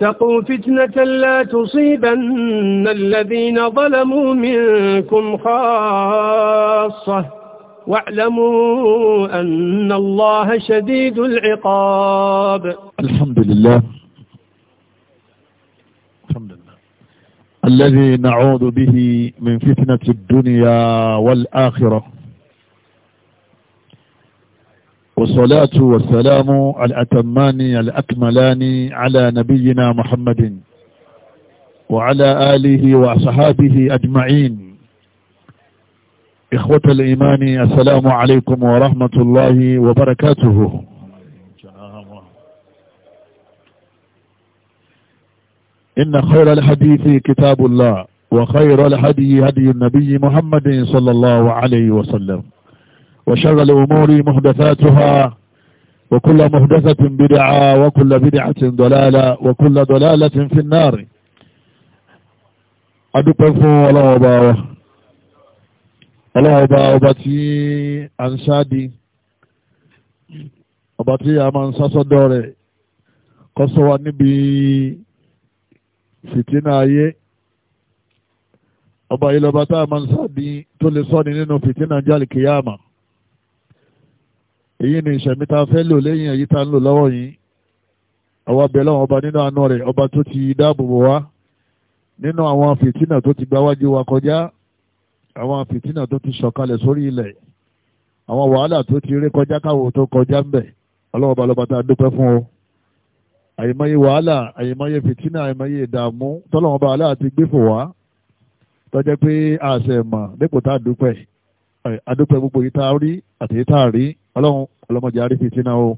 واتقوا فتنة لا تصيبن الذين ظلموا منكم خاصة واعلموا أن الله شديد العقاب الحمد لله الحمد لله الذي نعوذ به من فتنة الدنيا والآخرة والصلاة والسلام الأتمان الأكملان على نبينا محمد وعلى آله وصحابه أجمعين إخوة الإيمان السلام عليكم ورحمة الله وبركاته إن خير الحديث كتاب الله وخير الهدي هدي النبي محمد صلى الله عليه وسلم وشر الأمور محدثاتها وكل محدثة بدعة وكل بدعة ضلالة وكل ضلالة في النار adúpẹ́ fún ọlọ́run ọba wa ọlọ́run ọba ọba tí a ń ṣáàdì ọba tí a máa ń sásọ́dọ̀ rẹ̀ kọ́ sọ wa níbi fìtínà ayé ọba yìí lọ́ba tá a máa ń ṣáàdì tó lè sọ́ni nínú fìtínà jálì kìyàmà èyí ni ìṣẹ̀mí tá a fẹ́ lò lẹ́yìn èyí tá a ń lò lọ́wọ́ yìí àwa bẹ̀ lọ́wọ́ ọba nínú àánú rẹ̀ ọba tó ti dáàbòbò wá nínú àwọn fìtínà tó ti gbáwájú wa kọjá àwọn fìtínà tó ti sọ̀kalẹ̀ sórí ilẹ̀ àwọn wàhálà tó ti ré kọjá káwò tó kọjá ń bẹ̀ ọlọ́wọ́ balọ̀bà tá a dúpẹ́ fún o àyèmáyé wàhálà àyèmáyé fìtínà àyèmáyé ìdààmú tọ́lọ́wọ́n aláàtí gbé fò wá tọ́jẹ́ pé àṣẹ adúpẹ́ gbogbo yìí tá a rí àti yìí tá a rí ọlọ́run ọlọ́mọdé àrí fìtínà o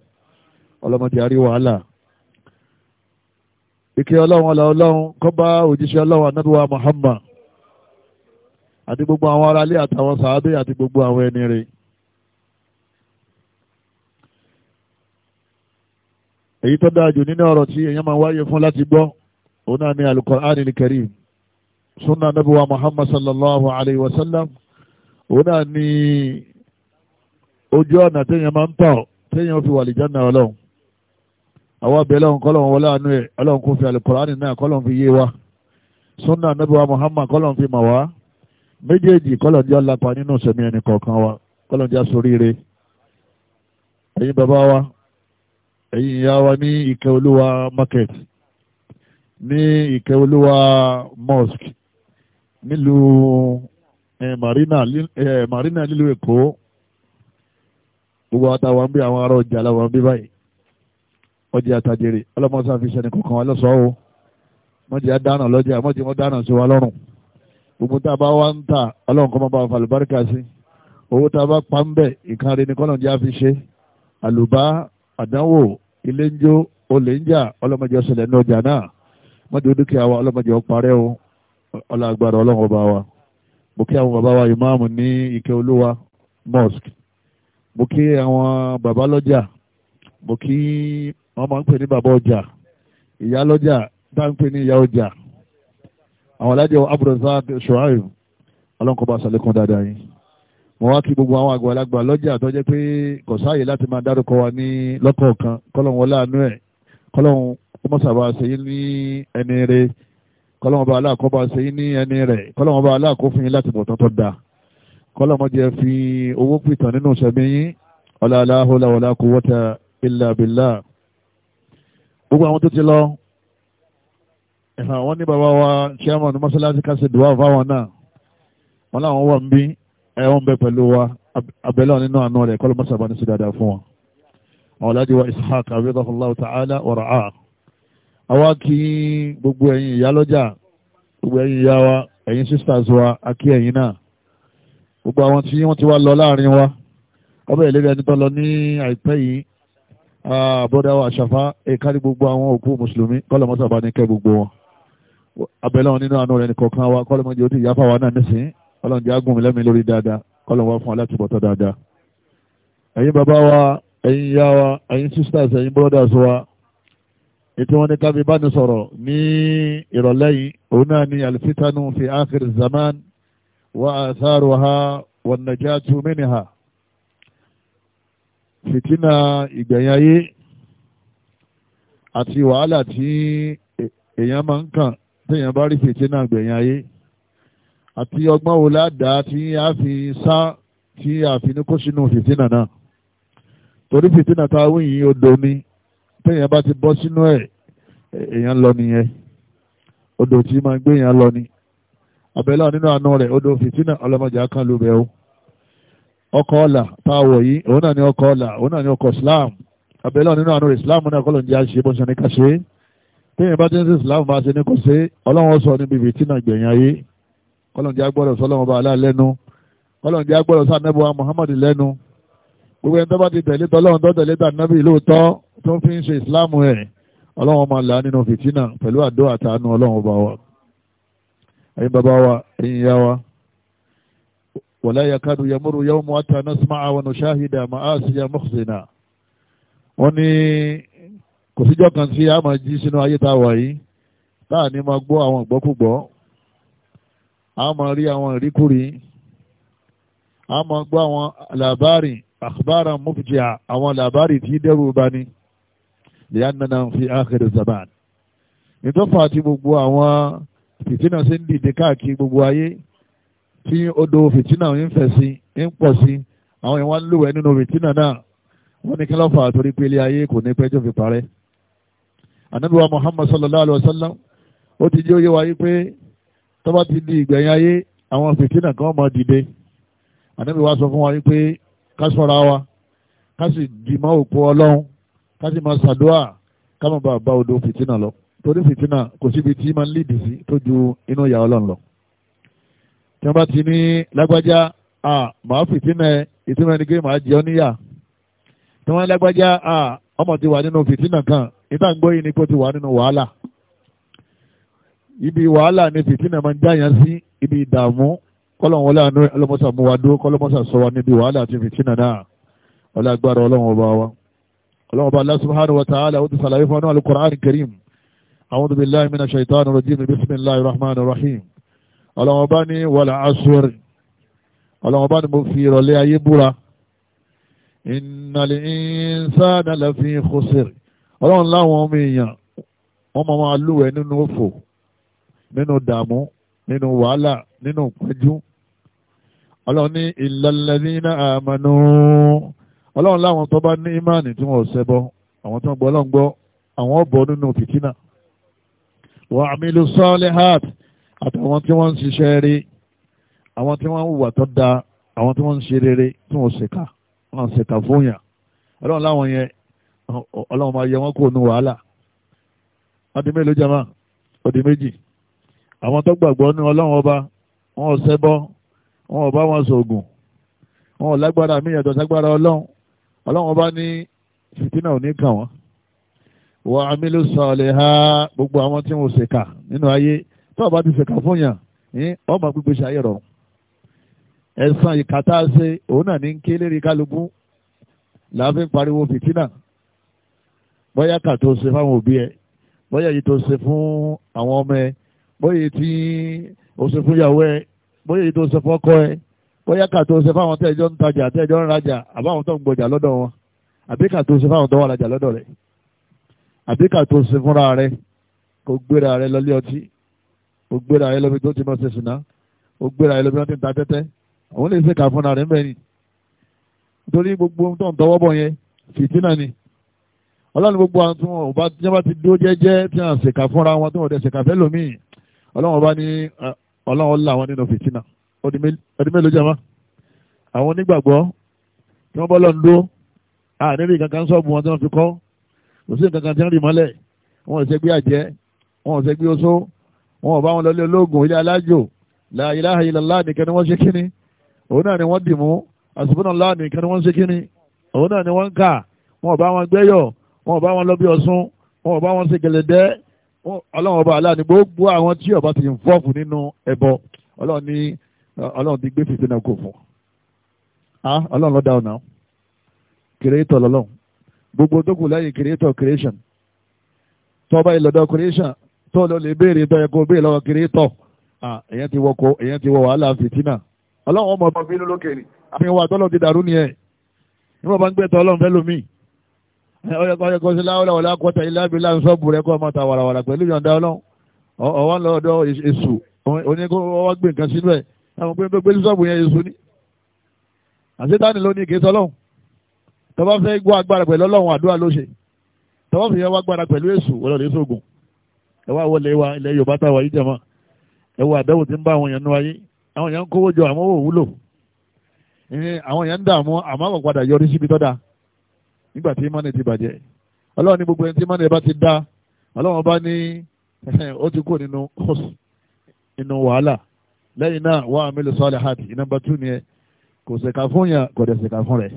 ọlọ́mọdé àrí wàhálà ìkẹ́ ọlọ́run ọlọ́run kó bá òjíṣẹ́ ọlọ́run anábíwá Muhammad àti gbogbo àwọn aráalé àtàwọn sàábé àti gbogbo àwọn ẹni rẹ̀ èyí tó dáa jù nínú ọ̀rọ̀ tí èèyàn máa wáyé fún láti gbọ́ òun náà ni Al-Qur'an Al-Karim sunna anábíwá Muhammad sallallahu alayhi wa sallam. òun náà ní ojú ọ̀nà téèyàn máa ń tọ̀ téèyàn fi wà lè jẹ́nà ọlọ́run àwọn abẹ́ wọlé àánú ẹ̀ ọlọ́run kò fi náà fi yé wa sunna nabi wa muhammad kọ́lọ́run fi mọ̀ wá méjèèjì kọ́lọ́run jẹ́ nínú sẹ̀mí wa jẹ́ asoríire ẹ̀yin bàbá wa wa ní ìkẹ́ olúwa mosque nílùú marina nílùú èkó gbogbo àtàwọn ń bí àwọn ará ọjà làwọn ń bí báyìí ọjà àtàjèrè ọlọ́mọsá fi ṣẹ́ni kọ̀ọ̀kan ọlọ́sọ̀ọ́ o mọ̀jẹ̀ dáná lọ́jà mọ̀jẹ̀ mọ̀ dáná sí wa lọ́rùn gbogbo tá a bá wá ń tà ọlọ́run kọ́ máa bá falùbáríkà sí owó tá a bá pa ń bẹ̀ nǹkan ni kọ́nà jẹ́ àfi àlùbá àdánwò ilé ń jó olè ní ọjà náà mọ̀jẹ̀ dúkìá wa ọlọ́mọdé ọ̀parẹ́ o ọlọ́gbàrá mo kí àwọn bàbá wa ìmáàmù ní ike olúwa mosque mo kí àwọn bàbá lọ́jà mo kí wọ́n máa ń pè ní bàbá ọjà ìyá lọ́jà tá ń pè ní ìyá ọjà àwọn alájọ abdulrasaq shuaib ọlọ́nkọba sàlékún dáadáa yìí mo wá kí gbogbo àwọn àgbàlagbà lọ́jà tó jẹ́ pé kò sáàyè láti máa dárúkọ wa ní lọ́kọ̀ọ̀kan kọ́lọ́hún wọlé àánú ẹ̀ kọ́lọ́hún ọmọ sábà ṣe yín ní ẹni rẹ̀ kọ́lọ́mọba aláàkọ́bá ṣe ní ẹni rẹ̀ kọ́lọ́mọba aláàkófin láti bọ̀ tọ́tọ́ da kọ́lọ́mọjẹ fi owó pìtàn nínú ṣẹ̀mí yín ọlá la hawla wala quwwata illa billah gbogbo àwọn tó ti lọ àwọn ní bàbá wa chairman mọ́sálásí ká ṣe dùwà fáwọn náà wọn láwọn wà ń bí ẹ̀wọ̀n bẹ pẹ̀lú wa abẹ́lẹ́ nínú àánú rẹ̀ kọ́lọ́mọ́sàbá ní sí dáadáa fún wọn àwọn aláàjì wa ishaq abidahullahu ta'ala wa ra'ah àwa kí gbogbo ẹ̀yin ìyá lọ́jà gbogbo ẹ̀yin ìyá wa ẹ̀yin sisters wa a kí ẹ̀yin náà gbogbo àwọn tí wọ́n ti wá lọ láàrin wa ọbẹ̀ ìlera ẹni tó lọ ní àìpẹ́ yìí àbọ̀dá wa àṣàfà èkárí gbogbo àwọn òkú mùsùlùmí kọ́lọ̀mọ́sà bá ní kẹ́ gbogbo wọn abẹ́lẹ́ nínú àánú rẹ̀ nìkọ̀ọ̀kan wa kọ́lọ̀mọ́jì ó ti yáfà wa náà nísìn ọlọ́njẹ́ agùnmi lẹ́mìí lórí dáadáa kọ́lọ̀mọ́ fún alátìbọ̀tọ̀ dáadáa ẹ̀yin bàbá wa ẹ̀yin ìyá wa ẹ̀yin sisters ẹ̀yin brothers wa ètò wọn ni kábí bá ní sọ̀rọ̀ ní ìrọ̀lẹ́ yìí òun náà ni alfitanu fi akhir zaman wa atharuha wan najatu minha fìtínà ìgbẹ̀yìn ayé àti wàhálà tí èèyàn máa ń kàn téèyàn bá rí fìtínà ìgbẹ̀yìn ayé àti ọgbọ́n wo ládàá tí a fi sá tí a fi ní kó sínú fìtínà náà torí fìtínà táwọn yìí odò ni téèyàn bá ti bọ́ sínú ẹ̀ èèyàn lọ nìyẹn odò tí máa gbé èèyàn lọ ni àbẹ̀là nínú àánú rẹ̀ odò fìtínà ọlọ́mọdé akán ló bẹ̀ ó ọkọ̀ ọ̀là táwọ̀ yìí òun náà ni ọkọ̀ ọ̀là òun náà ni ọkọ̀ Islam àbẹ̀là nínú àánú rẹ̀ Islam náà kọ́lọ̀ ń jẹ́ àṣẹ bó ń ṣe ní kàṣe téèyàn bá ti ń sí Islam bá ṣe ní kò ṣe ọlọ́run sọ níbi fìtínà gbẹ̀yìn ayé kọ́lọ̀ ń jẹ́ agbọ́dọ̀ sọlọ́run bá alá lẹ́nu kọ́lọ̀ ń jẹ́ agbọ́dọ̀ sànẹ́bùwà Muhammad lẹ́nu gbogbo ẹni tó bá ti tẹ̀lé tọ́lọ́run tó tẹ̀lé tà nábì lóòótọ́ tó fi ń ṣe ìsìláàmù ẹ̀ ọlọ́run máa là nínú fìtínà pẹ̀lú àdó àtàánú ọlọ́run bá wa ẹ̀yin bàbá wa ẹ̀yin yá wa wala yakadu yamuru yawmu hatta nasma'a wa nushahida ma'asiya mukhzina wọ́n ní kò síjọ́ kan tí a máa jí sínú ayé tá a wà yìí tá a ní máa gbọ́ àwọn ìgbọ́kúgbọ́ a máa rí àwọn ìríkúrí a máa gbọ́ àwọn làbárì àkùbára mufjia àwọn làbárì tí dẹ́rù bani li'annana fi akhir zaman nítọ́fà tí gbogbo àwọn fìtínà sí ń dìde káàkiri gbogbo ayé tí odò fìtínà ń fẹ̀ sí ń pọ̀ sí àwọn ìwọ̀n lúwẹ̀ nínú fìtínà náà wọ́n ní kí ló fà torí pé ilé ayé kò ní pẹ́ tó fi parẹ́ ànábì wa Muhammad sallallahu alayhi wa sallam ó ti jẹ́ òye wáyé pé tó bá ti di ìgbẹ̀yìn ayé àwọn fìtínà kan máa dìde ànábì wa sọ fún wa pé ká ṣọ́ra wa ká sì dìmọ́ òpó ọlọ́run ká sì máa ṣàdúrà ká má bàa bá odò fìtínà lọ torí fìtínà kò síbi tí máa ń lìdì sí tó ju inú ìyá ọlọ́run lọ. tí wọ́n bá ti ní lágbájá à máa fìtínà ìtumọ̀ ẹni pé màá jẹ ọ́ níyà tí wọ́n lágbájá à ọmọ ti wà nínú fìtínà kan ìta gbọ́ yìí ni kó ti wà nínú wàhálà ibi wàhálà ni fìtínà máa ń jáyàn sí ibi ìdààmú kọ́lọ̀ wọlé àánú ọlọ́mọ́sà mú wa dúró kọ́lọ́mọ́sà sọ wa níbi wàhálà àti fìtínà náà ọlá agbára ọlọ́run wa ọlọ́wọ́ bá Allah subhanahu wa ta'ala ó ti sàlàyé fún anú al-Qur'an al-Karim a'udhu billahi minash shaitanir rajim bismillahir rahmanir rahim ọlọ́wọ́ bá ní wal 'asr ọlọ́wọ́ bá ní mo fi ìrọ̀lẹ́ ayé búra innal insana lafi khusr ọlọ́run láwọn ọmọ èèyàn wọ́n máa máa lúwẹ̀ nínú òfò nínú dààmú nínú wàhálà nínú pẹ́jú ọlọ́run ní illal ladhina amanu ọlọ́run láwọn tó bá ní ìmáàní tí wọ́n ṣẹbọ àwọn tó ń gbọ́ ọlọ́run gbọ́ àwọn ọ̀bọ nínú fìtínà wa amilu salihat àtàwọn tí wọ́n ń ṣiṣẹ́ rí àwọn tí wọ́n ń hùwà tó da àwọn tí wọ́n ń ṣe rere tí wọ́n ṣèkà wọ́n ṣèkà fún yàn ọlọ́run láwọn yẹn ọlọ́run máa yẹ wọ́n kó nu wàhálà ọdún mélòó jama ọdún méjì àwọn tó gbàgbọ́ ní ọlọ́run ọba wọn ò ṣẹbọ wọn wọn ṣoògùn wọn ò lágbára míyàtọ̀ ságbára ọlọ́run ọlọ́run bá ní fìtínà ò ní kàn wọ́n wọ́n amílù sọ̀lẹ̀ ha gbogbo àwọn tí wọ́n ṣèkà nínú ayé tó o bá ti ṣèkà fún yàn ní ọmọ gbígbé ṣe ayé rọrùn ẹ̀sán ìkàtà ṣe òun náà ní kí lérí kálukú láàfin pariwo fìtínà bóyá kà tó ṣe fáwọn òbí ẹ bóyá yìí tó ṣe fún àwọn ọmọ ẹ bóyá yìí tí ó ṣe fún ìyàwó ẹ bóyá yìí tó ṣe fọ́kọ ẹ bóyá kàtó ṣe fáwọn tẹ́jọ́ ń tajà tẹ́jọ́ ń rajà àbáwọn tó ń gbọjà lọ́dọ̀ wọn àbí kàtó ṣe fáwọn tó wà rajà lọ́dọ̀ rẹ̀ àbí kàtó ṣe fúnra rẹ̀ kò gbéra rẹ̀ lọ́lé ọtí kò gbéra rẹ̀ lọ́bi tó ti mọ̀ ṣe sùnà kò gbéra rẹ̀ lọ́bi tó ti ń ta tẹ́tẹ́ àwọn lè ṣe kà fúnra rẹ̀ mẹ́rin torí gbogbo tó ń tọwọ́ bọ̀ yẹn fìtínà ni ọlọ́run gbogbo àwọn tí wọn bá tí wọn bá ti dúró jẹ́jẹ́ tí wọn ṣèkà fúnra wọn tí wọn dẹ̀ ṣèkà fẹ́ lómìn ọlọ́run bá ní ọlọ́run ọlá wọn nínú fìtínà ọdún mélòó jama àwọn onígbàgbọ́ tí wọ́n bọ́ lọ́n dó àárín kankan sọ́ọ̀bù wọn tí wọ́n fi kọ́ kò sí nǹkan kan tí wọ́n rì mọ́lẹ̀ wọn ò ṣègbé àjẹ́ wọn ò ṣègbé oṣó wọn ò bá wọn lọlé ológun ilé alájò la ilaha illallah nìkan ni wọ́n ṣe kíni òun náà ni wọ́n dì mú subhanallah nìkan ni wọ́n ṣe kíni òun náà ni wọ́n ń kà wọn ò bá wọn gbẹ́yọ̀ wọn ò bá wọn lọ bí ọ̀ṣun wọn ò bá wọn ṣe gẹ̀lẹ̀dẹ́ ọlọ́run ọba aláàánú gbogbo àwọn tí ọba ti ń fọ́ọ̀fù nínú ẹbọ ọlọ́run ni ọlọ́run ti gbé fìfì náà kò fún ah ọlọ́run ló dá ọ̀nà kìrìtọ̀ lọ́lọ́run gbogbo tó kù lẹ́yìn kìrìtọ̀ creation tọ́ba ìlọ́dọ̀ creation tó lọ lè béèrè tó yẹ kó béèrè lọ́wọ́ kìrìtọ̀ ah èyàn ti wọ ko èyàn ti wọ wàhálà fìtínà ọlọ́run ọmọ ọba bínú lókè ni àfihàn wa tọ́lọ́ ti dàrú nìyẹn nígbà bá ń gbé tọ́ ọlọ́run fẹ́ lómi ọyọkọ sí láwọlá wọlá kọta ilé abilá ń sọ́ọ̀bù rẹ kọ́ ọmọ ta wàràwàrà pẹ̀lú ìyọ̀ǹda ọlọ́run ọwọ́ ń lọ ọ̀dọ̀ èṣù oníkó ọwọ́ gbé nǹkan sílẹ̀ àwọn obìnrin tó gbé sọ́ọ̀bù yẹn Jésù ni àṣetáni ló ní kì í sọ lọ́hùn tó bá fẹ́ gbọ́ agbára pẹ̀lú ọlọ́run àdúrà ló ṣe tó bá fi yẹn wá agbára pẹ̀lú èṣù wọlọ́dẹ sóògùn ẹ wá wọlé wa ilẹ̀ Yorùbá táwa yìí jẹ̀mọ́ ẹ wọ àbẹ̀wò tí ń bá àwọn èèyàn nú ayé àwọn èèyàn ń kówó jọ àmọ́ òwú lò àwọn èèyàn ń dààmú àmọ́ àwọn padà yọrí síbi tọ́da nígbà tí mọ́nì ti bàjẹ́ ọlọ́run ní gbogbo ẹni tí mọ́nì bá ti dá ọlọ́run bá ní ó ti kó nínú wàhálà lẹ́yìn náà wà á mélòó sọ́ọ́lẹ̀ hàt nọ́mbà tú ni ẹ kò ṣèkà fún yàn kò dẹ̀ ṣèkà fún rẹ̀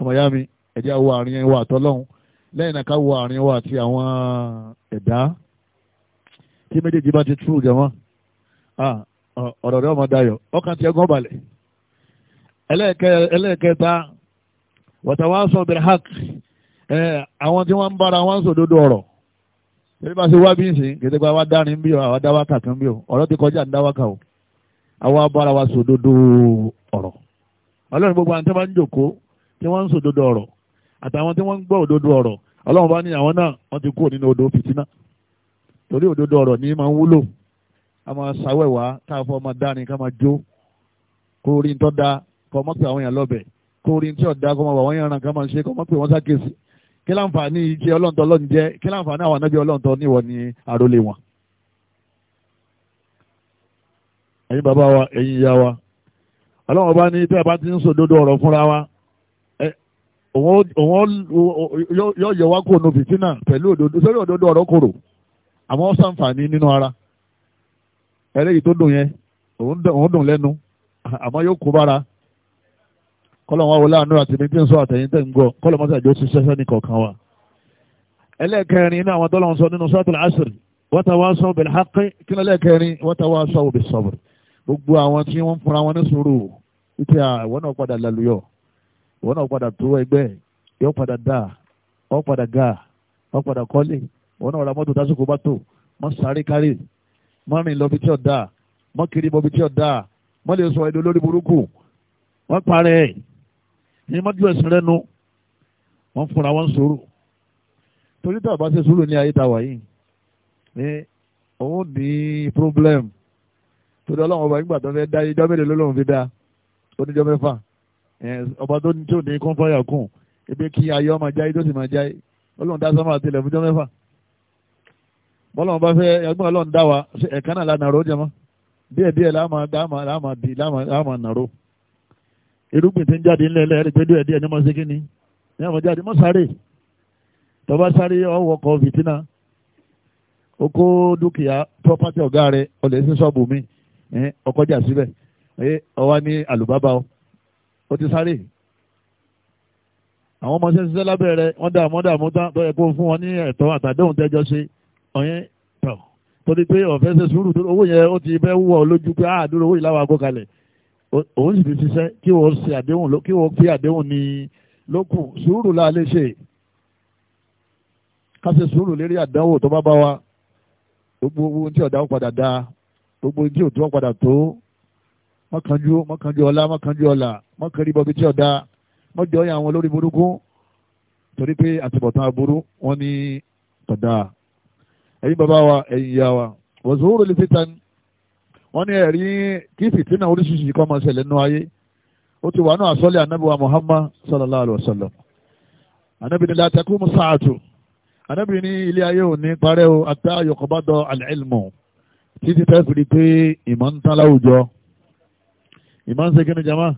ọmọ yá mi ẹ̀jẹ̀ àwọ̀ àárín ẹ̀wọ̀ àtọ́lọ́hún lẹ́yìn náà ká wọ àárín ẹ̀wọ̀ àti àwọn ẹ̀dá tí méjèèjì bá ti tú jẹ̀wọ́n ọ̀rọ̀ rẹ̀ ọmọ dayọ̀ ọkàn balẹ̀ ẹlẹ́ẹ̀kẹta sọ bẹ̀rẹ̀ hàk àwọn tí wọ́n ń bára wọn ọ̀rọ̀ torí bá ṣe wá bí ń sìn kété pa wá dárin bí o àwa dá wákà kan bí o ọ̀rọ̀ ti kọjá ń dá wákà o àwa bára wa sòdodo ọ̀rọ̀ ọlọ́run gbogbo àwọn tí wọ́n ń jòkó tí wọ́n ń sòdodo ọ̀rọ̀ àtàwọn tí wọ́n ń gbọ́ òdodo ọ̀rọ̀ ọlọ́run bá ní àwọn náà wọ́n ti kúrò nínú odò fìtínà torí òdodo ọ̀rọ̀ ni máa ń wúlò a máa ṣàwẹ̀wá tá a fọ́ ma dárin ká ma jó da kọ́ kí láǹfààní jẹ́ ọlọ́ntọ́ ọlọ́run jẹ́ kí láǹfààní àwọn anábì ọlọ́ntọ́ níwọ̀ ni àrólé wọn. ẹ̀yin bàbá wa ẹ̀yin ìyá wa ọlọ́run ní tẹ́ ẹ bá ti ń sòdodo ọ̀rọ̀ fúnra wa òun yóò yẹ wá kó pẹ̀lú òdodo sórí òdodo ọ̀rọ̀ kòrò àmọ́ ó sàǹfààní nínú ara ẹlẹ́yìí tó dùn yẹn òun dùn lẹ́nu àmọ́ yóò kó bára kọ́lọ́wọ́n wọlé àánú àti mi tí ń sọ àtẹ̀yìn tẹ̀ ń gbọ́ kọ́lọ́wọ́n sì àjọ ṣiṣẹ́ sẹ́ni kọ̀ọ̀kan wa. ẹlẹ́ẹ̀kẹrin inú àwọn tọ́lọ́wọ́n sọ nínú suratul asr watawasaw bil haqqi kí ló lẹ́ẹ̀kẹrin watawasaw bis sabr gbogbo àwọn tí wọ́n fúnra wọn ní sùúrù ìtì àwọn náà padà lálùyọ̀ ìwọ náà padà tó ẹgbẹ́ yóò padà dà ọ́ padà ga ọ́ padà kọ́lé ìwọ náà ra mọ́tò dásìkò wọ́n parẹ́ ní mọ́jú ẹ̀sìn rẹ́nu wọ́n fúnra wọn sùúrù torí tá a bá ṣe sùúrù ní ayé tá yìí ní òun ní problem torí ọlọ́run ọba nígbà tó fẹ́ dá ijọ́ mélòó lọ́lọ́run fi dá oníjọ́ mẹ́fà ọba tó ní tí ò ní kún fọ́yà kùn ebi kí ayé ọmọ jáì tó sì máa jáì ọlọ́run dá sọ́mọ́ àti ilẹ̀ fúnjọ́ mẹ́fà bọ́lọ́run bá fẹ́ ẹgbẹ́ ọlọ́run dá wa ẹ̀ka náà la jẹ mọ́ díẹ̀díẹ̀ láàmà dì láàmà nàró irúgbìn tí ń jáde ńlẹ̀ lẹ́rìí pé díẹ̀ díẹ̀ ní mọ́ sí kíní ní àwọn jáde mọ́ sáré tọba sáré ọwọ́ kọ fìtínà ó kó dúkìá pọ́pátì ọ̀gá rẹ̀ ọlẹ̀ sí ṣọ́ọ̀bù mi ọkọjà síbẹ̀ ọwá ní àlùbábà ó ti sáré àwọn ọmọ ṣe ń ṣiṣẹ́ lábẹ́ rẹ̀ wọ́n dààmú dààmú tán tó yẹ kó fún wọn ní ẹ̀tọ́ àtàdéhùn tẹ́jọ ṣe ọ̀yẹ́ tọ̀ torí pé ọ̀fẹ́ ṣe sùúrù owó yẹn ó ti fẹ́ wúwọ́ lójú pé àádúró owó ìlàwọ̀ àgọ́ kalẹ̀ òun sì fi ṣiṣẹ́ kí wọ́n ṣe àdéhùn kí wọ́n pé àdéhùn ní lókù sùúrù la lè ṣe ká ṣe sùúrù lérí àdánwò tó bá bá wa gbogbo owó tí ọ̀dà padà da gbogbo tí òtún padà tó mọ́kànjú mọ́kànjú ọlá mọ́kànjú ọlà mọ́kànrí bọ́bí tí ọ̀dà mọ́jọ yẹn àwọn olórí burúkú torí pé àtibọ̀tán aburú wọ́n ní tọ̀dà ẹ̀yin bàbá wa ẹ̀yin ìyá wa wọ́n sùúrù lè fi tani wọ́n ní ẹ̀rí kí fìtínà oríṣiríṣi kọ́ máa ṣẹlẹ̀ nínú ayé ó ti wà ní àsọ́lẹ̀ anábì wa muhammad sallallahu alayhi wa sallam anábì ní la taqumu sa'atu anábì ní ilé ayé ò ní parẹ́ o hatta yuqbada al-ilmu títí tẹ́ fi di pé ìmọ̀ ń tán láwùjọ ìmọ̀ ń ṣe kí ni jama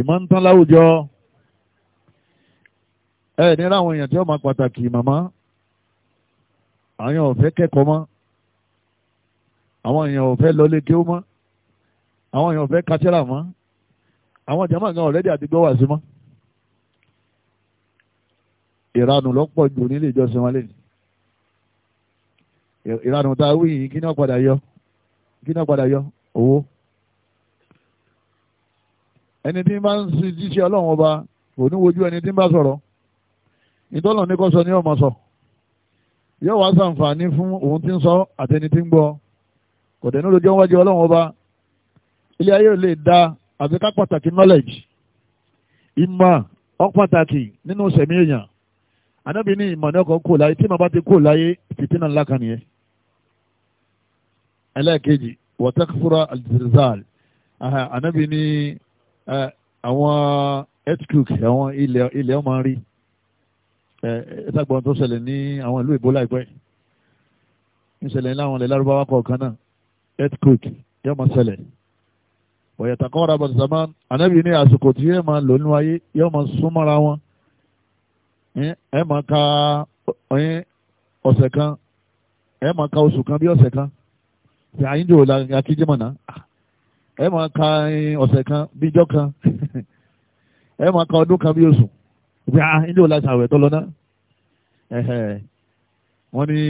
ìmọ̀ ń tán láwùjọ ẹ̀ ní láwọn èèyàn tí wọ́n máa pàtàkì màmá àwọn ọ̀fẹ́ kẹ́kọ̀ọ́ mọ́ àwọn èèyàn ò fẹ́ lọlé kí ó mọ́ àwọn èèyàn ò fẹ́ kátírà mọ́ àwọn jàmáà gan ọ̀rẹ́dì àti gbọ́wà sí mọ́ ìranù lọ́pọ̀ jù nílé ìjọsìn wọn lẹ́nu ìranù tá a wí yìí kí náà padà yọ kí náà padà yọ owó ẹni tí bá ń sin jíṣẹ́ ọlọ́run ọba kò ní wojú ẹni tí bá sọ̀rọ̀ ìtọ́lọ̀ ní kó sọ ní ọmọ sọ yóò wá sàǹfààní fún òun tí ń sọ àtẹni tí ń gbọ́ kò dẹ̀ nílò jẹ́ wájú ọlọ́run ọba ilé ayé ò lè da àfi ká pàtàkì knowledge ìmọ̀ ó pàtàkì nínú sẹ̀mí èèyàn anábì ní ìmọ̀ ní ọkọ̀ kò láyé tí màá bá ti kò láyé fìtínà ńlá kan nìyẹn ẹlẹ́ẹ̀kejì wọ́tẹ́kùfúra alìzìrìzàl anábì ní àwọn earthquake àwọn ilẹ̀ ọmọ rí ẹ̀ẹ́dàgbọ́n tó ṣẹlẹ̀ ní àwọn ìlú ìbólà ìpẹ́ ń ṣẹlẹ̀ ní àwọn lárúbáwá kọ̀ọ̀kan náà earthquake yóò máa ṣẹlẹ̀ ọ̀yẹ̀tàkọ́ rabal zaman anabi ní àsìkò tí yóò máa lò nínú ayé yóò máa súnmọ́ra wọn ẹ máa ka ọ̀sẹ̀ kan ẹ máa ka oṣù kan bí ọ̀sẹ̀ kan ṣe àyíjò akíjìmọ̀nà ẹ máa ka ọ̀sẹ̀ kan bí ijọ́ kan ẹ máa ka ọdún kan bí oṣù ṣe àyíjò làṣàwẹ̀ tó lọ náà wọ́n ní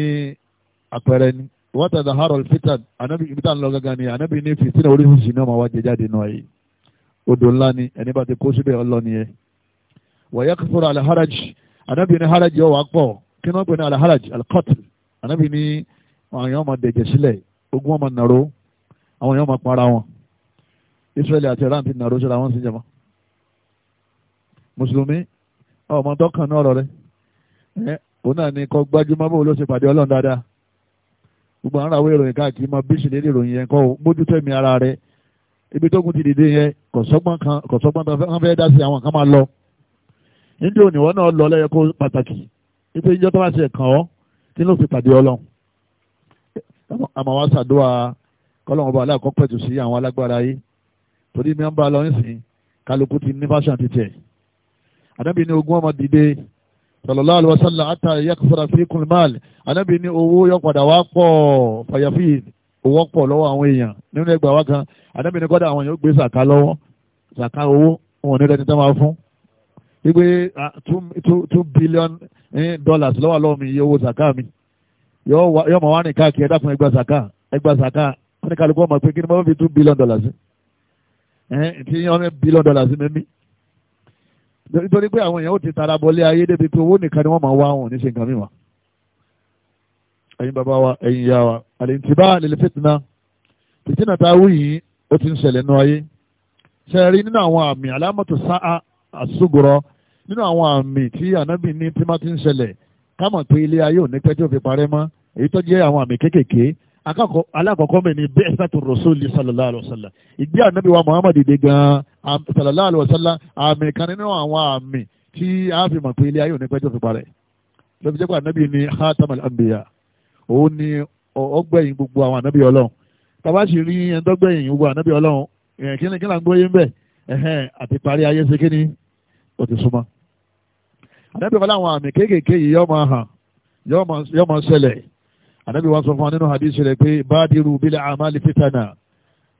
àpẹẹrẹ ni wọ́n tẹ̀ dà haro peter anabi ibi tá à ń lọ gangan ni anabi ní fìtínà oríṣiríṣi náà máa wá jẹ jáde náà yìí odò ńlá ni ẹni bá ti kó síbẹ̀ ọlọ́ni yẹn wọ̀nyẹ́ kúrò alaharaj anabi ní haraj yóò wá pọ̀ kí wọ́n pè ní alaharaj alqatl anabi ní àwọn èèyàn máa dẹ̀jẹ̀ sílẹ̀ ogun wọn máa nàró àwọn èèyàn para wọn israeli àti iran ti nàró síra wọn sí jẹma mùsùlùmí ọmọ tó kàn ní ọ̀rọ̀ rẹ̀ òun ni kọ́ gbájúmọ́ bó ló ṣe pàdé ọlọ́run dáadáa gbogbo àwọn àwọn ìròyìn káàkiri máa bí ìṣẹ̀lẹ̀ ìròyìn yẹn kọ́ ọ mójútó ẹ̀mí ara rẹ ibi tó kún ti dìde yẹn kọ̀sọ́gbọ́n kan kọ̀sọ́gbọ́n tó wọ́n fẹ́ dá sí àwọn kan máa lọ níbi òní wọn náà lọ lẹ́yẹ kó pàtàkì wípé ìjọ tó bá ṣe kàn ọ́ tí ló fi pàdé ọlọ́run àmọ́ wá ṣàdúrà kọ́lọ́run aláàkọ́ pẹ̀tù sí àwọn alágbára yìí torí mi ń bá lọ nísìnyí kálukú ti ní fásitì tiẹ̀ àdábì ní ọmọ dìde sallallahu alaihi wasallam àtà yakfura fikum mal anábì ní owó yọ padà wá pọ̀ fàyàfì owó pọ̀ lọ́wọ́ àwọn èèyàn nínú ẹgbàá wá kan anábì ní kọ́dà àwọn èèyàn gbé sàká lọ́wọ́ sàká owó wọn ò ní rẹ́ni tó máa fún wípé ah, two billion eh, dollars lọ́wọ́ lọ́wọ́ mi iye owó sàká mi yọ mọ̀ wá ní káàkiri ẹ̀dá fún ẹgbà sàká ẹgbà sàká wọn ni kálukú ọmọ pé kí ni mo fi two billion dollars ẹ̀ ti yan billion dollars mímí nítorí pé àwọn èèyàn ò ti tara bọlé ayé débi pé owó nìkan ni wọ́n máa wá wọn ní nǹkan mìíràn ẹ̀yin bàbá wa ẹ̀yin ìyá wa àlèntìbá àlèlè fìtìnà fìtìnà tá a wú yìí ó ti ń ṣẹlẹ̀ nú ayé ṣe rí nínú àwọn àmì alámọ̀tò sáà àṣùgùrọ̀ nínú àwọn àmì tí ànábì ní tí má ti ń ṣẹlẹ̀ ká pé ilé ayé ò ní pẹ́ tí ó fi parẹ́ mọ́ èyí tó jẹ́ àwọn àmì kéékèèké alákọ̀ọ́kọ́ mi bẹ́ẹ̀ sàtò rọ̀ṣọ́lì sallallahu alaihi wasallam ìgbé ànábì wa Muhammad dé gan-an sallallahu alaihi wasallam àmì kan nínú àwọn àmì tí a fi mọ̀ pé ilé ayé òní pẹ́jọ́ fi parẹ́ lọ́bi jẹ́ pé ànábì ni khatamal anbiya òun ni ọgbẹ̀yìn gbogbo àwọn ànábì ọlọ́run tàbá sì rí ẹ̀ńdọ́gbẹ̀yìn gbogbo ànábì ọlọ́run kíni kí là ń gbóyè ń bẹ̀ ẹ̀hẹ́n àti parí ayé ṣe kíni ó ti súnmọ́. ànábì wọn láwọn àmì kéékèèké yìí yọ́ máa hàn yọ́ máa ṣẹlẹ̀ ànábì wọn sọ fún wa nínú hadith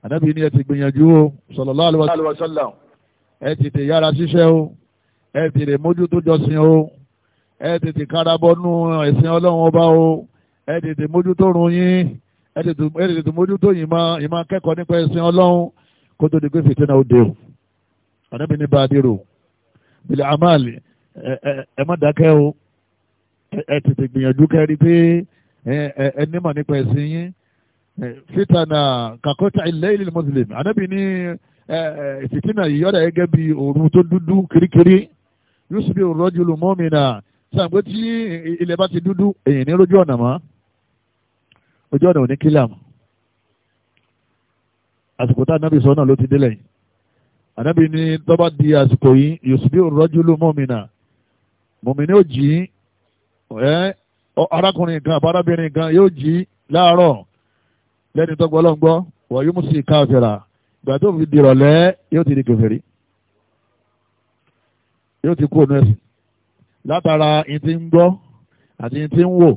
ànábì ni ẹ ti gbìyànjú o sallallahu alaihi wasallam ẹ tètè yára ṣiṣẹ́ o ẹ tètè mójútó jọsìn o ẹ tètè kárabọ́nú ẹ̀sìn ọlọ́run ọba o ẹ tètè mójútó run yín ẹ tètè mójútó ìmọ̀ ìmọ̀ akẹ́kọ̀ọ́ nípa ẹ̀sìn ọlọ́run kó tó di pé fìtínà ó dé o ànábì ní bàdírò bìlẹ̀ amáàlì ẹ má dákẹ́ o ẹ tètè gbìyànjú kẹ́rí pé ẹ ẹ nímọ̀ nípa ẹ̀sìn yín fitana kakota ilẹ̀ẹ́lì muslim anabi ní fitina yìí yọ̀dà gẹ́gẹ́ bí òru tó dúdú kirikiri yusufi rọ́júlù mọ́mìnà sàgbé tí ilẹ̀ bá ti dúdú èyàn ní lójú ọ̀nà mọ́ ojú ọ̀nà òní kílà mọ́ àsìkò tá anabi sọ náà ló ti délẹ̀ yìí anabi ní tó bá di àsìkò yìí yusufi rọ́júlù mọ́mìnà mọ́mìnà ó jí arákùnrin kan àbárábìnrin kan yóò jí láàárọ̀ lẹ́ni tó gbọ́lọ́ ń gbọ́ wọ́n yóò mú sí káfíra ìgbà tó fi dìrọ̀lẹ́ yóò ti di kèfèrí yóò ti kú ònú ẹ̀sìn látara ìyìn tí ń gbọ́ àti ìyìn tí ń wò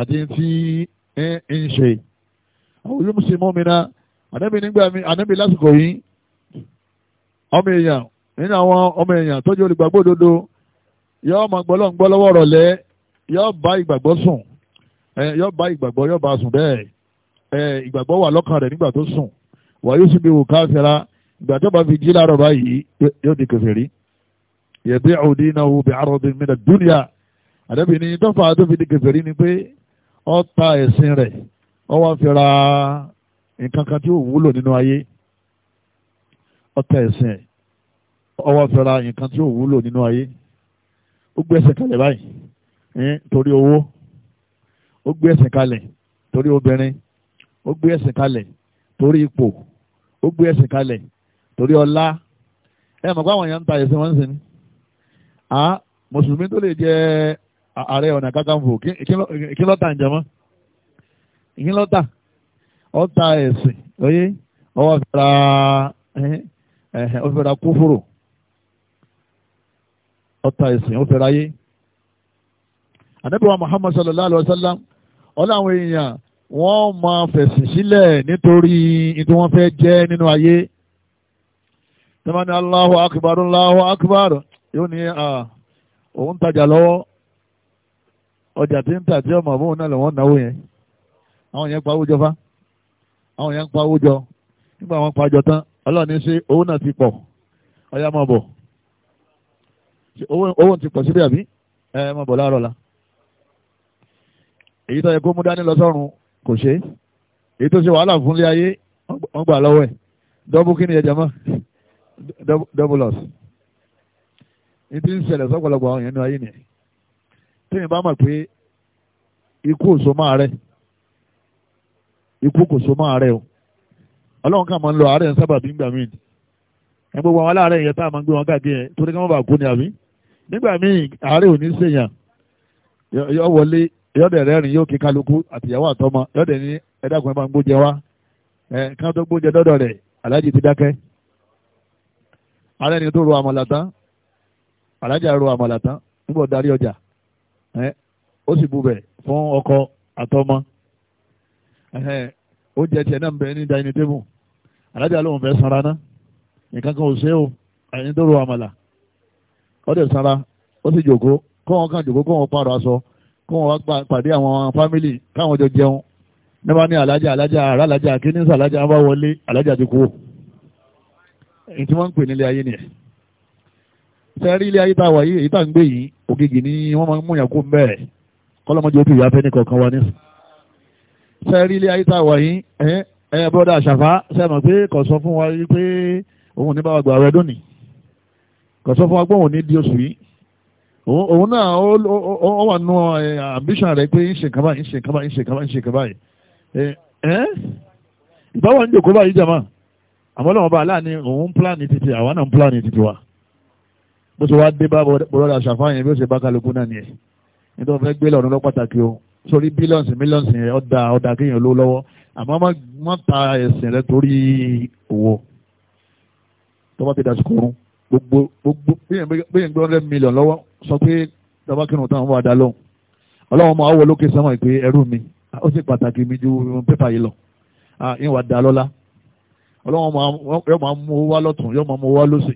àti ìyìn tí ń ṣe àwọn yóò mú sí mú mi náà ànábì nígbà mi ànábì lásìkò yìí ọmọ èèyàn nínú àwọn ọmọ èèyàn tó jẹ́ olùgbàgbọ́ òdodo yóò máa gbọ́lọ́ ń gbọ́ lọ́wọ́ rọ̀lẹ́ yóò bá ìgbàgbọ́ sùn yóò bá ìgbàgbọ́ yóò bá sùn bẹ́ẹ̀ ìgbàgbọ́ wà lọ́kàn rẹ̀ nígbà tó sùn wà yóò sì bí wò káfíra ìgbà tó bá fi jí láàárọ̀ báyìí yóò di kèfèrí yẹ̀bí àwòdìnnáwó bí àròdì mí náà dúnìyà àdẹ́bìnrin tó fà á tó fi di kèfèrí ni pé ó ta ẹ̀sìn rẹ̀ ó wá fi ra nǹkan kan tí ó wúlò nínú ayé ó ta ẹ̀sìn ẹ̀ ó wá fi nǹkan tí ó wúlò nínú ayé ó gbé ẹsẹ̀ kalẹ̀ báyìí torí owó ó gbé ẹsẹ̀ kalẹ̀ torí obìnrin ó gbé ẹ̀sìn kalẹ̀ torí ipò ó gbé ẹ̀sìn kalẹ̀ torí ọlá ẹ mọ̀ pé àwọn èèyàn ń ta ẹ̀sìn wọn ń sìn ní. mùsùlùmí tó lè jẹ ààrẹ ọ̀nà kakanfò kí lọ́tà ń jẹmọ́ kí lọ́tà ọ̀tà ẹ̀sìn lóye ọwọ́ fẹ́ra ọ̀fẹ́ra kúfúrò ọ̀tà ẹ̀sìn yé. wa sallallahu alayhi wa sallam wọ́n máa fẹ̀sìn sílẹ̀ nítorí ìtí wọ́n fẹ́ jẹ́ nínú ayé tẹ́mà ní Allahu akbar Allahu akbar yóò ní òun tajà lọ́wọ́ ọjà tí ń tà tí ọmọ àbúrò náà lọ́wọ́ náwó yẹn àwọn yẹn pawó jọ fá àwọn yẹn pawó jọ nígbà wọn pàjọ tán ọlọ́ọ̀ni ṣe owó náà ti pọ̀ ọyá máa bọ̀ owó ti pọ̀ síbẹ̀ àbí ẹ máa bọ̀ láàárọ̀ la èyí tó yẹ kó mú dání lọ sọ́run kò ṣe èyí tó ṣe wàhálà fún lé ayé wọ́n gbà lọ́wọ́ ẹ̀ dọ́bù kí ni ẹ̀jẹ̀ mọ́ dọ́bù lọ́s ní ti ń ṣẹlẹ̀ sọ́pọ̀lọpọ̀ àwọn èèyàn ní ayé nìyẹn tẹ́yìn bá mọ̀ pé ikú òṣò máa rẹ̀ ikú kò so máa rẹ̀ o ọlọ́run kà máa ń lọ àárẹ̀ ń sábà bí ń gbà míì ẹ gbogbo àwọn aláàárẹ̀ yẹn tá a máa ń gbé wọn káàkiri yẹn torí ká má bàa kú ni àbí nígbà míì àárẹ̀ ò ní sèyàn yọ wọlé yọ́dẹ̀ rẹ́rìn yóò kí kálukú àtìyàwó àtọmọ yọ́dẹ̀ ní ẹ̀dàkùn ẹ̀bá ń wá ẹ̀ kán tó gbóúnjẹ dọ́dọ̀ rẹ̀ aláàjì ti dákẹ́ alẹ́ ni tó ro àmàlà tán ro àmàlà tán nígbà darí ọjà ẹ̀ ó sì bubẹ̀ fún ọkọ àtọmọ ẹ̀ ó jẹ tiẹ̀ náà ní lóun fẹ́ sanra ná nǹkan kan ò o ẹni tó ro àmàlà sanra ó sì jòkó kó wọn wá pàdé àwọn fámìlì káwọn jọ jẹun ní wọn ní alájà alájà ará alájà kíní sí alájà wọn bá wọlé alájà ti kú èyí tí wọ́n ń pè nílé ayé nìyẹn sẹ́rí ilé ayé tá a wà yìí èyí tá ń gbé yìí ògìgì ni wọ́n máa ń múyàn kó bẹ́ẹ̀ kọ́lọ́mọdé òkè ìyá fẹ́ni kọ̀ọ̀kan wa ní. sẹ́rí ilé ayé tá a wà yìí ẹ ẹ bọ́dà àṣàfà sẹ́mọ̀ pé kò sọ fún wa pé òun ní bá wa gbà rẹ lónìí kò sọ fún wa pé òun di oṣù yìí òun náà ó wà nù ambition rẹ̀ pé ń ṣe nǹkan báyìí ń ṣe nǹkan báyìí ń ṣe nǹkan báyìí ń ṣe nǹkan báyìí ẹ́ ìbáwọ̀ ń jòkó báyìí jàmá àmọ́ lọ́wọ́ bá aláàní òun pílánì títí àwa náà ń pílánì títí wa bó ṣe wá dé bá bọ́lọ́dà ṣàfáàyàn bí ó ṣe bá kálukú náà nìyẹn nítorí fẹ́ gbé lọ́run lọ pàtàkì o sórí bílíọ̀nsì mílíọ̀nsì yẹn ọ̀dà ọ̀dà kéèyàn ló lọ́wọ́ àmọ́ má ta ẹ̀sìn rẹ torí owó tó bá ti dàsí kọrun gbogbo gbogbo bíyẹn gbé hundred million lọ́wọ́ sọ pé tọba kírun táwọn wà dá lóhùn ọlọ́run máa wọ lókè sánmà pé ẹrú mi ó sì pàtàkì mi ju pépà yìí lọ ìyẹn wà dá lọ́lá ọlọ́run yóò máa mú wá lọ́tún yóò máa mú wá lọ́sì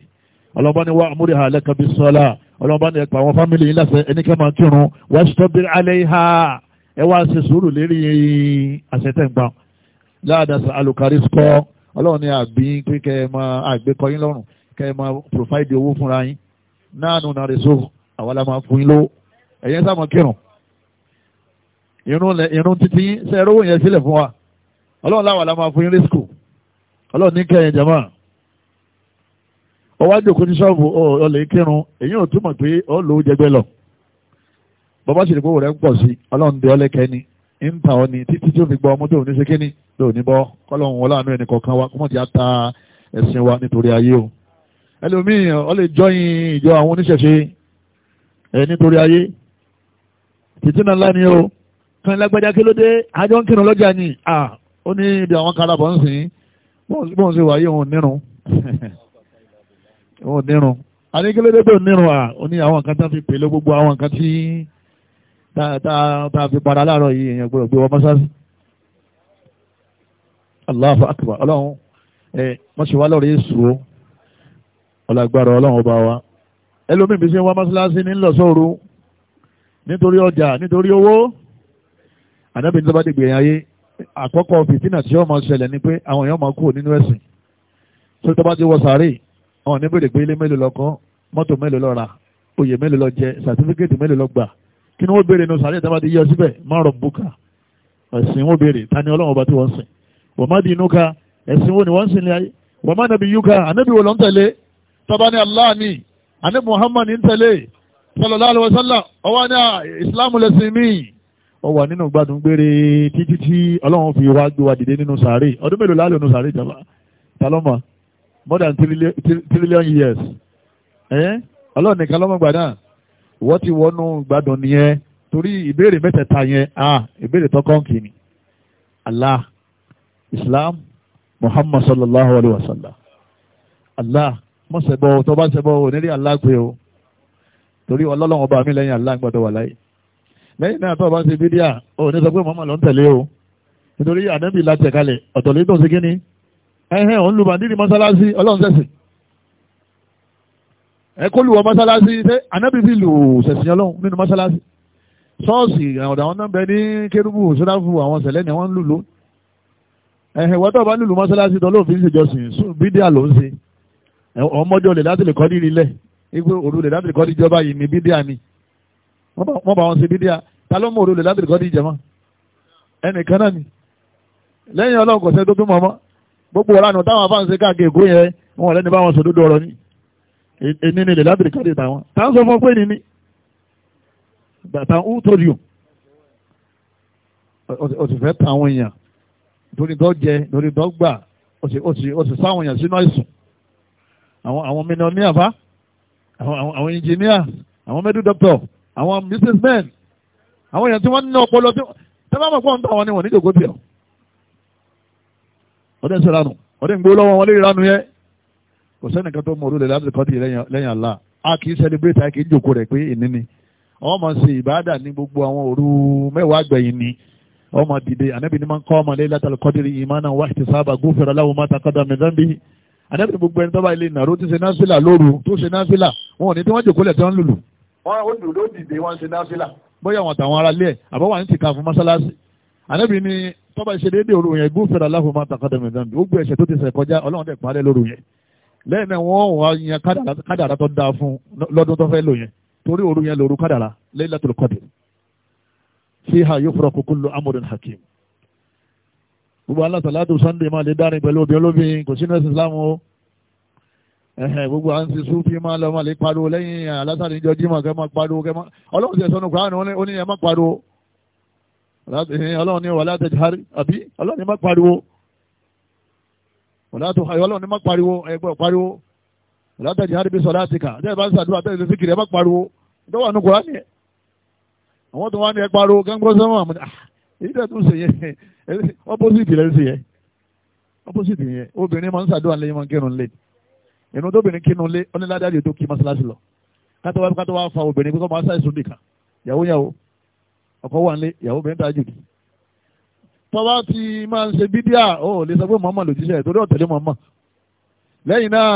ọlọ́run bá ní wá àmúrí ha lẹ́ka bí sọ́lá ọlọ́run bá ní ẹ̀pà àwọn fámìlì yìí láṣẹ ẹnikẹ́ máa kírun wá ṣètò bí alẹ́ ha ẹ wá ṣe sùúrù lérí àṣetẹ̀gbà láàdàsà alùkárí sọ́ ọlọ́run ní àbí pé kẹ́ ẹ máa àgbékọ́ yín lọ́rùn kẹ́ ẹ máa provide owó fúnra yín náà nù náà rẹ̀ sóhùn àwa la máa fún yín lówó ẹ̀yẹ́ sáà mọ̀ kírun irun títí ṣe rówó yẹn sílẹ̀ fún wa ọlọ́run láwa la máa fún yín rísíkù ọlọ́run ní kẹyìn jama ọwọ́ àjòkó ní ṣọ́ọ̀bù ọlẹ́ kírun èyí ò túmọ̀ pé ó lò jẹgbẹ́ lọ bàbá sì rìpọ̀ rẹ̀ ń pọ̀ sí ọlọ́run dé ọlẹ́kẹ́ ni ń ta ọ ni títí tí ó fi gbọ́ ọmọ tó ní ṣekéni tó ní bọ́ kọ́lọ́run wọn láàánú ẹnì ẹ nítorí ayé tìtínà ńlá ni o kan lágbájá kí ló dé àjọ ń kírun lọ́jà ni à ó ní ibi àwọn karabọ̀ ń sìn bóun ṣe wáyé òun nírun òun nírun a ní kí ló dé bóun nírun à ó ní àwọn nǹkan tó fi pèlè gbogbo àwọn nǹkan tí tá a fi para láàárọ̀ yìí èèyàn gbọ́dọ̀ gbé wọn mọ́sáàsì Allahu akbar ọlọ́run ẹ mọ́ṣẹ́wá lọ́rọ̀ yéṣu o ọlágbára ọlọ́run ọba wa ẹlòmíì bí ṣe ń wá mọ́ṣáláṣí ní ńlọsọ́ọ̀rù nítorí ọjà nítorí owó ànábì ní tó bá dìgbè ayé àkọ́kọ́ fìtínà tí ó máa ṣẹlẹ̀ ni pé àwọn èèyàn máa kú nínú ẹ̀sìn tó tó bá ti wọ sàárè àwọn ní bèrè pé ilé mélòó lọ́kọ́ mọ́tò mélòó lọ́ra oyè mélòó lọ jẹ sàtífíkẹ́tì mélòó lọ gbà kí ni wọ́n béèrè nínú sàárè tó bá ti yọ síbẹ̀ márùn bùkà ẹ̀sìn wọ́n béèrè ta ni ọlọ́run ọba tí wọ́n sìn wọ́n má di inú ka ẹ̀sìn wo ni wọ́n sìn lé ayé wọ́n má nàbí yúkà ànábì wo lọ́ntẹ̀lé tó bá ní Allah ni àní Muhammad ń tẹ̀lé sallallahu alaihi wasallam ọwọ́ ní ìsìláàmù lẹ́sìn míì ọ wà nínú gbádùn gbére títí tí ọlọ́run fi wá gbé wa dìde nínú sàárè ọdún mélòó láàlú nínú sàárè ìjọba talọ́mọ more than trillion years ọlọ́run nìkan lọ́mọ gbà náà ìwọ́ ti wọnú gbádùn nìyẹn torí ìbéèrè mẹ́tẹ̀ẹ̀ta yẹn ah ìbéèrè tọkọ́ǹkì ni Allah Islam Muhammad sallallahu alaihi wasallam Allah mọ́sẹ̀bọ̀ tó bá ń sẹ́bọ̀ onírí alágbé o torí ọlọ́lọ́wọ́n bá mi lẹ́yìn alágbọ́dọ̀ wà láyé lẹ́yìn náà tó bá ń ṣe bídíà ò ní sọ pé màmá ló ń tẹ̀lé o nítorí àdẹ́bì láti ẹ̀kalẹ̀ ọ̀tọ̀ lè tọ́sí kíní ẹ̀hẹ́ òun lu bàndínì mọ́sálásí ọlọ́run sẹ̀sìn ẹ kó lu wọ mọ́sálásí ṣé ànábì fi lù sẹ̀sìn ọlọ́run nínú mọ́sálásí ṣọ́ọ̀ṣì ọ̀dà wọn náà bẹ ní kérúbù sódàfù àwọn sẹ̀lẹ̀ ni wọ́n ń lùlù ẹ̀hẹ́ wọ́tọ̀ bá lùlù mọ́sálásí tó lóòfin ṣèjọsìn bídíà ló ń ṣe ọmọdé olè láti lè kọ́ ní ilẹ̀ ipe òru lè láti lè kọ́ ní ìjọba yìí ní bídíà ni wọ́n bá wọn ṣe bídíà ta ló mú òru lè láti lè kọ́ ní ìjọba ẹnìkan náà ni lẹ́yìn ọlọ́run kò sẹ́ tó tún mọ́ mọ́ gbogbo ọ̀la nù táwọn afáǹsẹ̀ káàkiri èkó yẹn wọn lẹ́ni bá wọn ọ̀rọ̀ ni èmi ni lè láti lè kọ́ ní ìtàwọn tá ń sọ fún pé nìní bàtà ń tó di o tàwọn èèyàn àwọn àwọn mílíọ̀nìyà bá àwọn àwọn engineer àwọn medical doctor àwọn businessmen àwọn èèyàn tí wọ́n ní ọpọlọ tí wọ́n bá pọ̀ ń tọ́ àwọn ni wọ́n ní ìjòkó tiẹ̀ ọdẹ ń sọ̀rọ̀ ọdẹ ń gbé lọ́wọ́ wọn lè ránu yẹ kò sẹ́nìkan tó mọ orúlẹ̀ láti kọ́ lẹ́yìn àlá a kì í celebrate a kì í jòkó rẹ̀ pé ìní ni wọ́n máa ṣe ìbáàdà ní gbogbo àwọn òru mẹ́wàá gbẹ̀yìn ni wọ́n máa dìde ànábì ní máa ń kọ́ ọmọ lẹ́yìn látàlú ìmánà wáṣítì sábà gófẹ́rẹ́ aláwọ̀ máa takọ́dà àdàbí gbogbo ẹni tó bá ilé nàró ti ṣe náfìlà lóru tó ṣe náfìlà wọn ò ní tí wọ́n jòkó lẹ̀ tí wọ́n lùlù. wọ́n ó dùn ló dìde wọ́n ṣe náfìlà. bóyá àwọn àtàwọn ará lé ẹ̀ àbọ̀wà ń tìka fún mọ́sálásí. àdàbí ni tó bá ṣe déédéé òru yẹn ìgbó fẹ́rẹ̀ aláhùn máa tàkàdà mẹ́tàn gbogbo ẹ̀ṣẹ̀ tó ti ṣẹ̀ kọjá ọlọ́run tẹ̀ parẹ́ lóru yẹn. lẹ́yìn náà wọ́n wá yan kádàrá tó dáa fún lọ́dún tó fẹ́ lò yẹn torí òru yẹn lòru kádàrá Laylatul Qadr. fiha yufraqu kullu amrin hakim gbogbo alásàládù sunday máa lè dárin pẹ̀lú obìnrin olóbìnrin kò sínú ẹ̀sìn islam o gbogbo à ń ṣe súnfì máa lọ máa lè pariwo lẹ́yìn alásàlẹ̀ ìjọ jímọ̀ kẹ́ máa pariwo kẹ́ máa ọlọ́run ti ẹ̀sọ́nù kúránù ó ní ẹ má pariwo ọlọ́run ní wàlá tajhar àbí ọlọ́run ní má pariwo wàlá tó hayọ ọlọ́run ní má pariwo ẹgbẹ́ pariwo wàlá tajhar bí salatika tẹ́ ẹ bá ń ṣàdúrà tẹ́ ẹ lè ẹ má pariwo ìdọ́wà nù kúránì ẹ̀ àwọn tó wá ní ẹ pariwo gángbọ́sọ́mọ́ opposite lẹ́yìn sí yẹn opposite yẹn obìnrin máa ń ṣàdúrà lẹ́yìn máa ń kírun lé ìrun tóbìnrin kírun lé ó ní ládàá yóò tó kí mọ́ṣáláṣí lọ kátó wá kátó wá fa obìnrin kó máa ṣàìsùn nìkan yàwó yàwó ọkọ wà nílé yàwó obìnrin tààjù dì tọ́wá ti máa ń ṣe bídíà ó lè sọ pé mọ́mọ́ lòjíṣẹ́ torí ọ̀tẹ̀lé mọ́mọ́ lẹ́yìn náà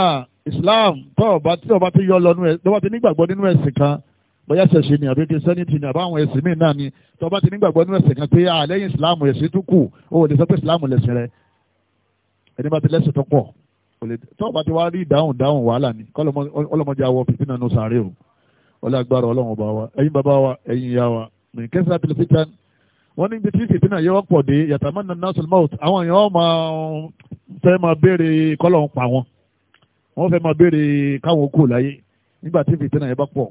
Islam tọ́ọ̀bá tí ọba ti yọ lọ́nu ẹ̀ tọ́ba ti nígbàgbọ́ nínú ẹ̀sìn kan bóyá ṣẹ̀ṣẹ̀ ni àbí kìsẹ́nìtì ni àbáwọn ẹ̀sìn míì náà ni tó bá ti nígbàgbọ́ nínú ẹ̀sìn kan pé àlẹ́yìn ah, ìsìláàmù ẹ̀sìn tó kù ó lè sọ pé ìsìláàmù lẹ̀sìn rẹ ẹni bá ti lẹ́sìn tó pọ̀ tó bá ti wá rí ìdáhùn dáhùn wàhálà ni kọ́lọ́mọdé awọ fìfín náà nù sàárè o ọlágbára ọlọ́run ọba wa ẹ̀yin bàbá wa ẹ̀yin ìyá wa min kẹsà tìlifítàn wọ́n ní tí fìfínà yẹ wọ́pọ̀ dé yàtàmọ́ nà nasul maut àwọn èèyàn máa fẹ́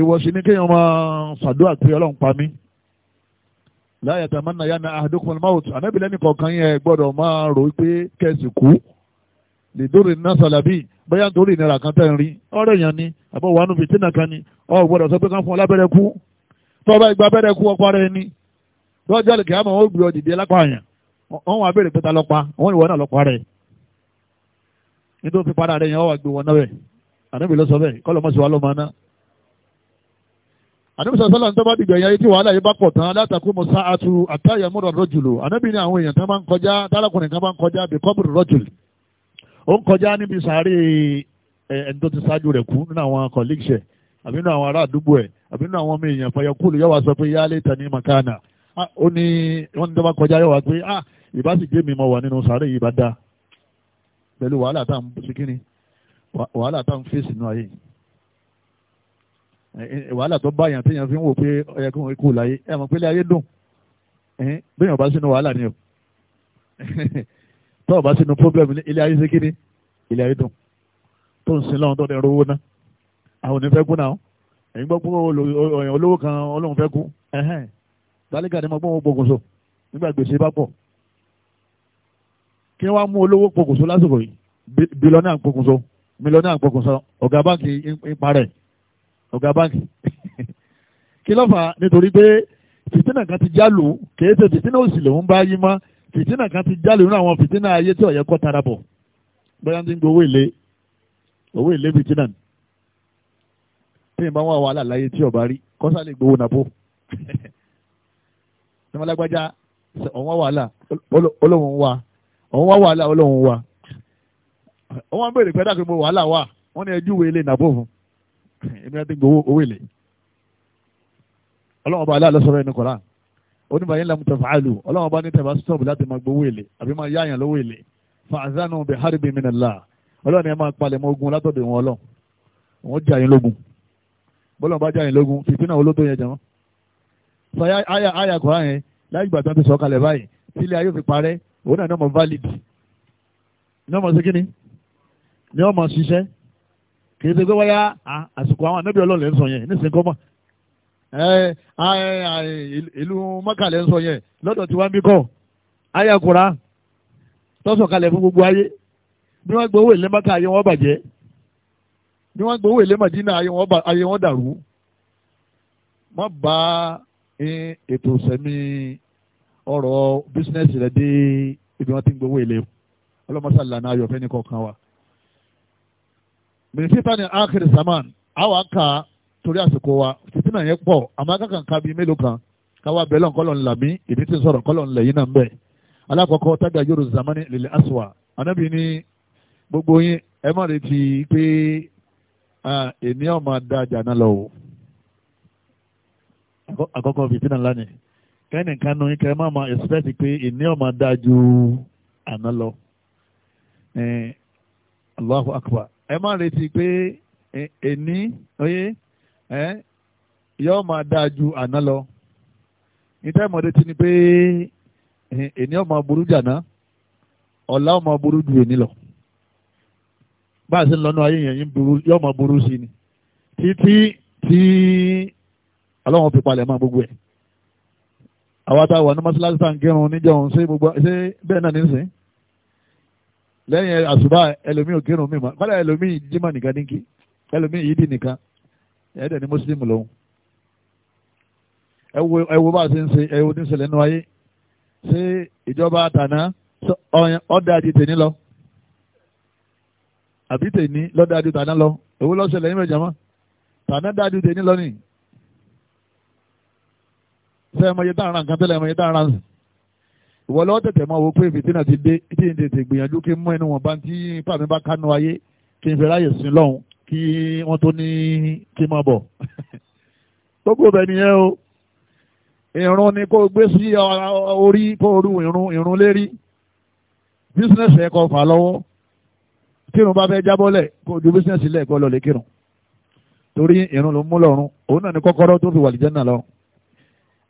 ìwọ sí ní kéèyàn máa ṣàdúrà pé ọlọ́run pa mí la yatamanna yanna ahadukumul maut ànábìlẹ́ nìkan kan yẹn gbọ́dọ̀ máa rò pé kẹ́sì kú lìdórí náà sàlàbí bóyá nítorí ìnira kan tẹ̀ ń rí ọ̀rọ̀ èèyàn ni àbọ̀ wàánu fìtínà kan ni ọ̀ gbọ́dọ̀ sọ pé kán fún ọ lábẹ́rẹ́ kú tọ́ba ìgbà abẹ́rẹ́ kú ọkọ rẹ ni lọ́jọ́ àlùkè àmọ́ ó gbé ọ dìde lápá àyàn wọ́n wà béèrè pé ta lọ́pa wọ́n ìwọ náà lọ́pa rẹ̀ nítorí fi padà rẹ̀ yẹn wọ́n wà gbé wọn náà bẹ̀ àdébìlọ́sọ bẹ́ẹ̀ kọ́lọ́mọ́sí wa lọ́mọ náà ànábì sọ̀rọ̀ sọ́lá ní tọ́ba dìgbà yẹn tí wàhálà yìí bá pọ̀ tán látàkú musa atu àtàyà múra rọ́jùlù ànábì ní àwọn èèyàn tán bá ń kọjá tálákùnrin kan bá ń kọjá bí kọ́bùrù rọ́jùlù ó ń kọjá níbi sàárè ẹni tó ti ṣáájú rẹ̀ kú nínú àwọn kọ̀líkṣẹ̀ àbí nínú àwọn ará àdúgbò ẹ̀ àbí nínú àwọn ọmọ èèyàn fayọkúlù yóò wá sọ pé yálé tani makana ó ní wọ́n ní tọ́ba kọjá yóò ah ìbá sì gbé mi mọ wà nínú sàárè yìí bá dá pẹ̀lú wàhálà tá à ń fèsì nù ayé Eh, wàhálà tó báyàn téèyàn fi ń wò pé ọyẹ kí wọn kú láyé ẹ mọ̀ pé ilé ayé dùn bẹ́ẹ̀ yóò bá sínú wàhálà ni o tó o bá sínú pọ́blẹ́mù ilé ayé ṣe kíni ilé ayé dùn tó ń sin lọ́wọ́n tó dẹ̀ rówó náà àwọn onífẹ́ kú náà ẹ̀yin gbọ́ pé olówó kan ọlọ́run fẹ́ kú tálíkà ni mo gbọ́ wọn pokùnso nígbà gbèsè bá pọ̀ kí wọ́n mú olówó pokùnso lásìkò yìí bílọ́nà pokùnso mílíọ̀nà pokùnso ọ̀gá báńkì ń parẹ́ ọ̀gá báńkì kí ló fà nítorí pé fìtínà kan ti jálù kìí ṣe fìtínà òsì lòún bá yí mọ́ fìtínà kan ti jálù nínú àwọn fìtínà ayé tí ọ̀yẹ́ kọ́ tara bọ̀ bóyá ti ń gbowó èlé owó èlé fìtínà ni tí n bá wà wàhálà láyé tí ọba rí kọ́sà lè gbowó nàbó ní wọn wàhálà olóhùn wa ọ̀hún wá wàhálà olóhùn wa ọ̀hún wá béèrè pé wàhálà wà wọ́n ní ẹjú wo ilé nàbó fún èmi àti gbowó owó èlé ọlọ́wọ́n bá aláàlọ́ sọ̀rọ̀ ẹni kọ̀ọ̀rán oníbàáyé ńlá mùtẹ̀ fàálù ọlọ́wọ́n bá ní tẹ̀ bá stop láti máa gbowó èlé àbí máa yá àyàn lówó èlé fàázánù bẹ̀ haribi minallah ọlọ́run ẹ̀ máa palẹ̀ mọ́ ogun látọ̀dọ̀ wọn ọlọ́ wọn jà yín lógun bọ́lọ̀ bá jà yín lógun fìtínà náà ní ní ọmọ ṣiṣẹ́ kì í ṣe pé wáyà àsìkò àwọn anábì ọlọ́run lẹ́ ń sọ yẹn nísìnyí kọ́ mọ́ ìlú Mọ́kà lẹ́ ń sọ yẹn lọ́dọ̀ tí wọ́n ń bí kọ́ ayakura tọ́sọ̀kalẹ̀ fún gbogbo ayé bí wọ́n gbowó ilé Mọ́kà ayé wọn bàjẹ́ bí wọ́n gbowó ilé Màdínà ayé wọn dàrú má ba ètò sẹ́mi ọ̀rọ̀ bísínẹ́sì rẹ̀ dé ibi wọ́n ti ń gbowó ilé ọlọ́mọsálà náà ayọ̀ fẹ́ni kọ̀ọ̀kan wa bìrìsítà ní ákìrì zaman àwa ka torí àsìkò wa fìtínà yẹn pọ̀ àmọ́ akẹ́kọ̀ọ́ nǹkan bíi mélòó kan káwa bẹ̀lọ̀ kọ́lọ̀ ńlá mi ìdí tí ń sọ̀rọ̀ kọ́lọ̀ ńlẹ̀ yìí náà ń bẹ̀ alákọ̀ọ́kọ́ tága yóò zamani lèlè aswa anábì ní gbogbo yín ẹ má retí pé èmi ọ̀ máa da àjà náà lọ o àkọ́kọ́ fìtínà ńlá ni kẹ́ni kan yín kẹ́ má máa expect pé èmi ọ̀ máa ju àná lọ Allahu akbar ẹ má retí pé èní oyé ẹ yóò máa dáa ju àná lọ níta ìmọ̀ retí ni pé èní ó máa burú jàná ọ̀la ó máa burú ju èní lọ bá a ṣe ń lọ́nà ayé yẹn yóò máa burú sí ni títí tí ọlọ́run fi palẹ̀ máa gbogbo ẹ̀ àwa táwọn ní mọ́ṣáláṣí tá à ń kírun níjọ́ òun ṣé bẹ́ẹ̀ náà ní sìn lẹ́yìn àṣùbà ẹlòmí ò kírun ma, kọ́lá ẹlòmí jimá nìkan nika ẹlòmí yìí dì nìkan ẹ̀ẹ́dẹ̀ ni mùsùlùmí lòun ẹ wo bá a ṣe ń ṣe ẹ wo ní ìṣẹ̀lẹ̀ nínú ayé ṣé ìjọba àtàná ọ̀dà àti tèmi lọ àbí tèmi lọ èwo jàmọ́ tàná dà àti lọ sẹ́yìn mọ̀ nǹkan tẹ́lẹ̀ ìwọ lọ́wọ́ tẹ̀tẹ̀ máa wo pé fìtínà ti dé tí n tètè gbìyànjú kí n mú ẹnu wọn bá tí pàmí bá kánú ayé kí n fi ráyè sin lọ́hùn kí wọ́n tó ní kí n máa bọ̀. gbogbo bẹ̀ nìyẹn o ìrun ni kó gbé sí orí kó rú ìrun ìrun lérí bísínẹ́sì ẹ̀kọ́ fà lọ́wọ́ kírun bá fẹ́ jábọ́lẹ̀ kó ju bísínẹ́sì lẹ́ẹ̀kọ́ lọ lè kírun torí ìrun ló mú lọ́rùn òun náà ni kọ́kọ́rọ́ tó fi wà lìjẹ́ náà lọ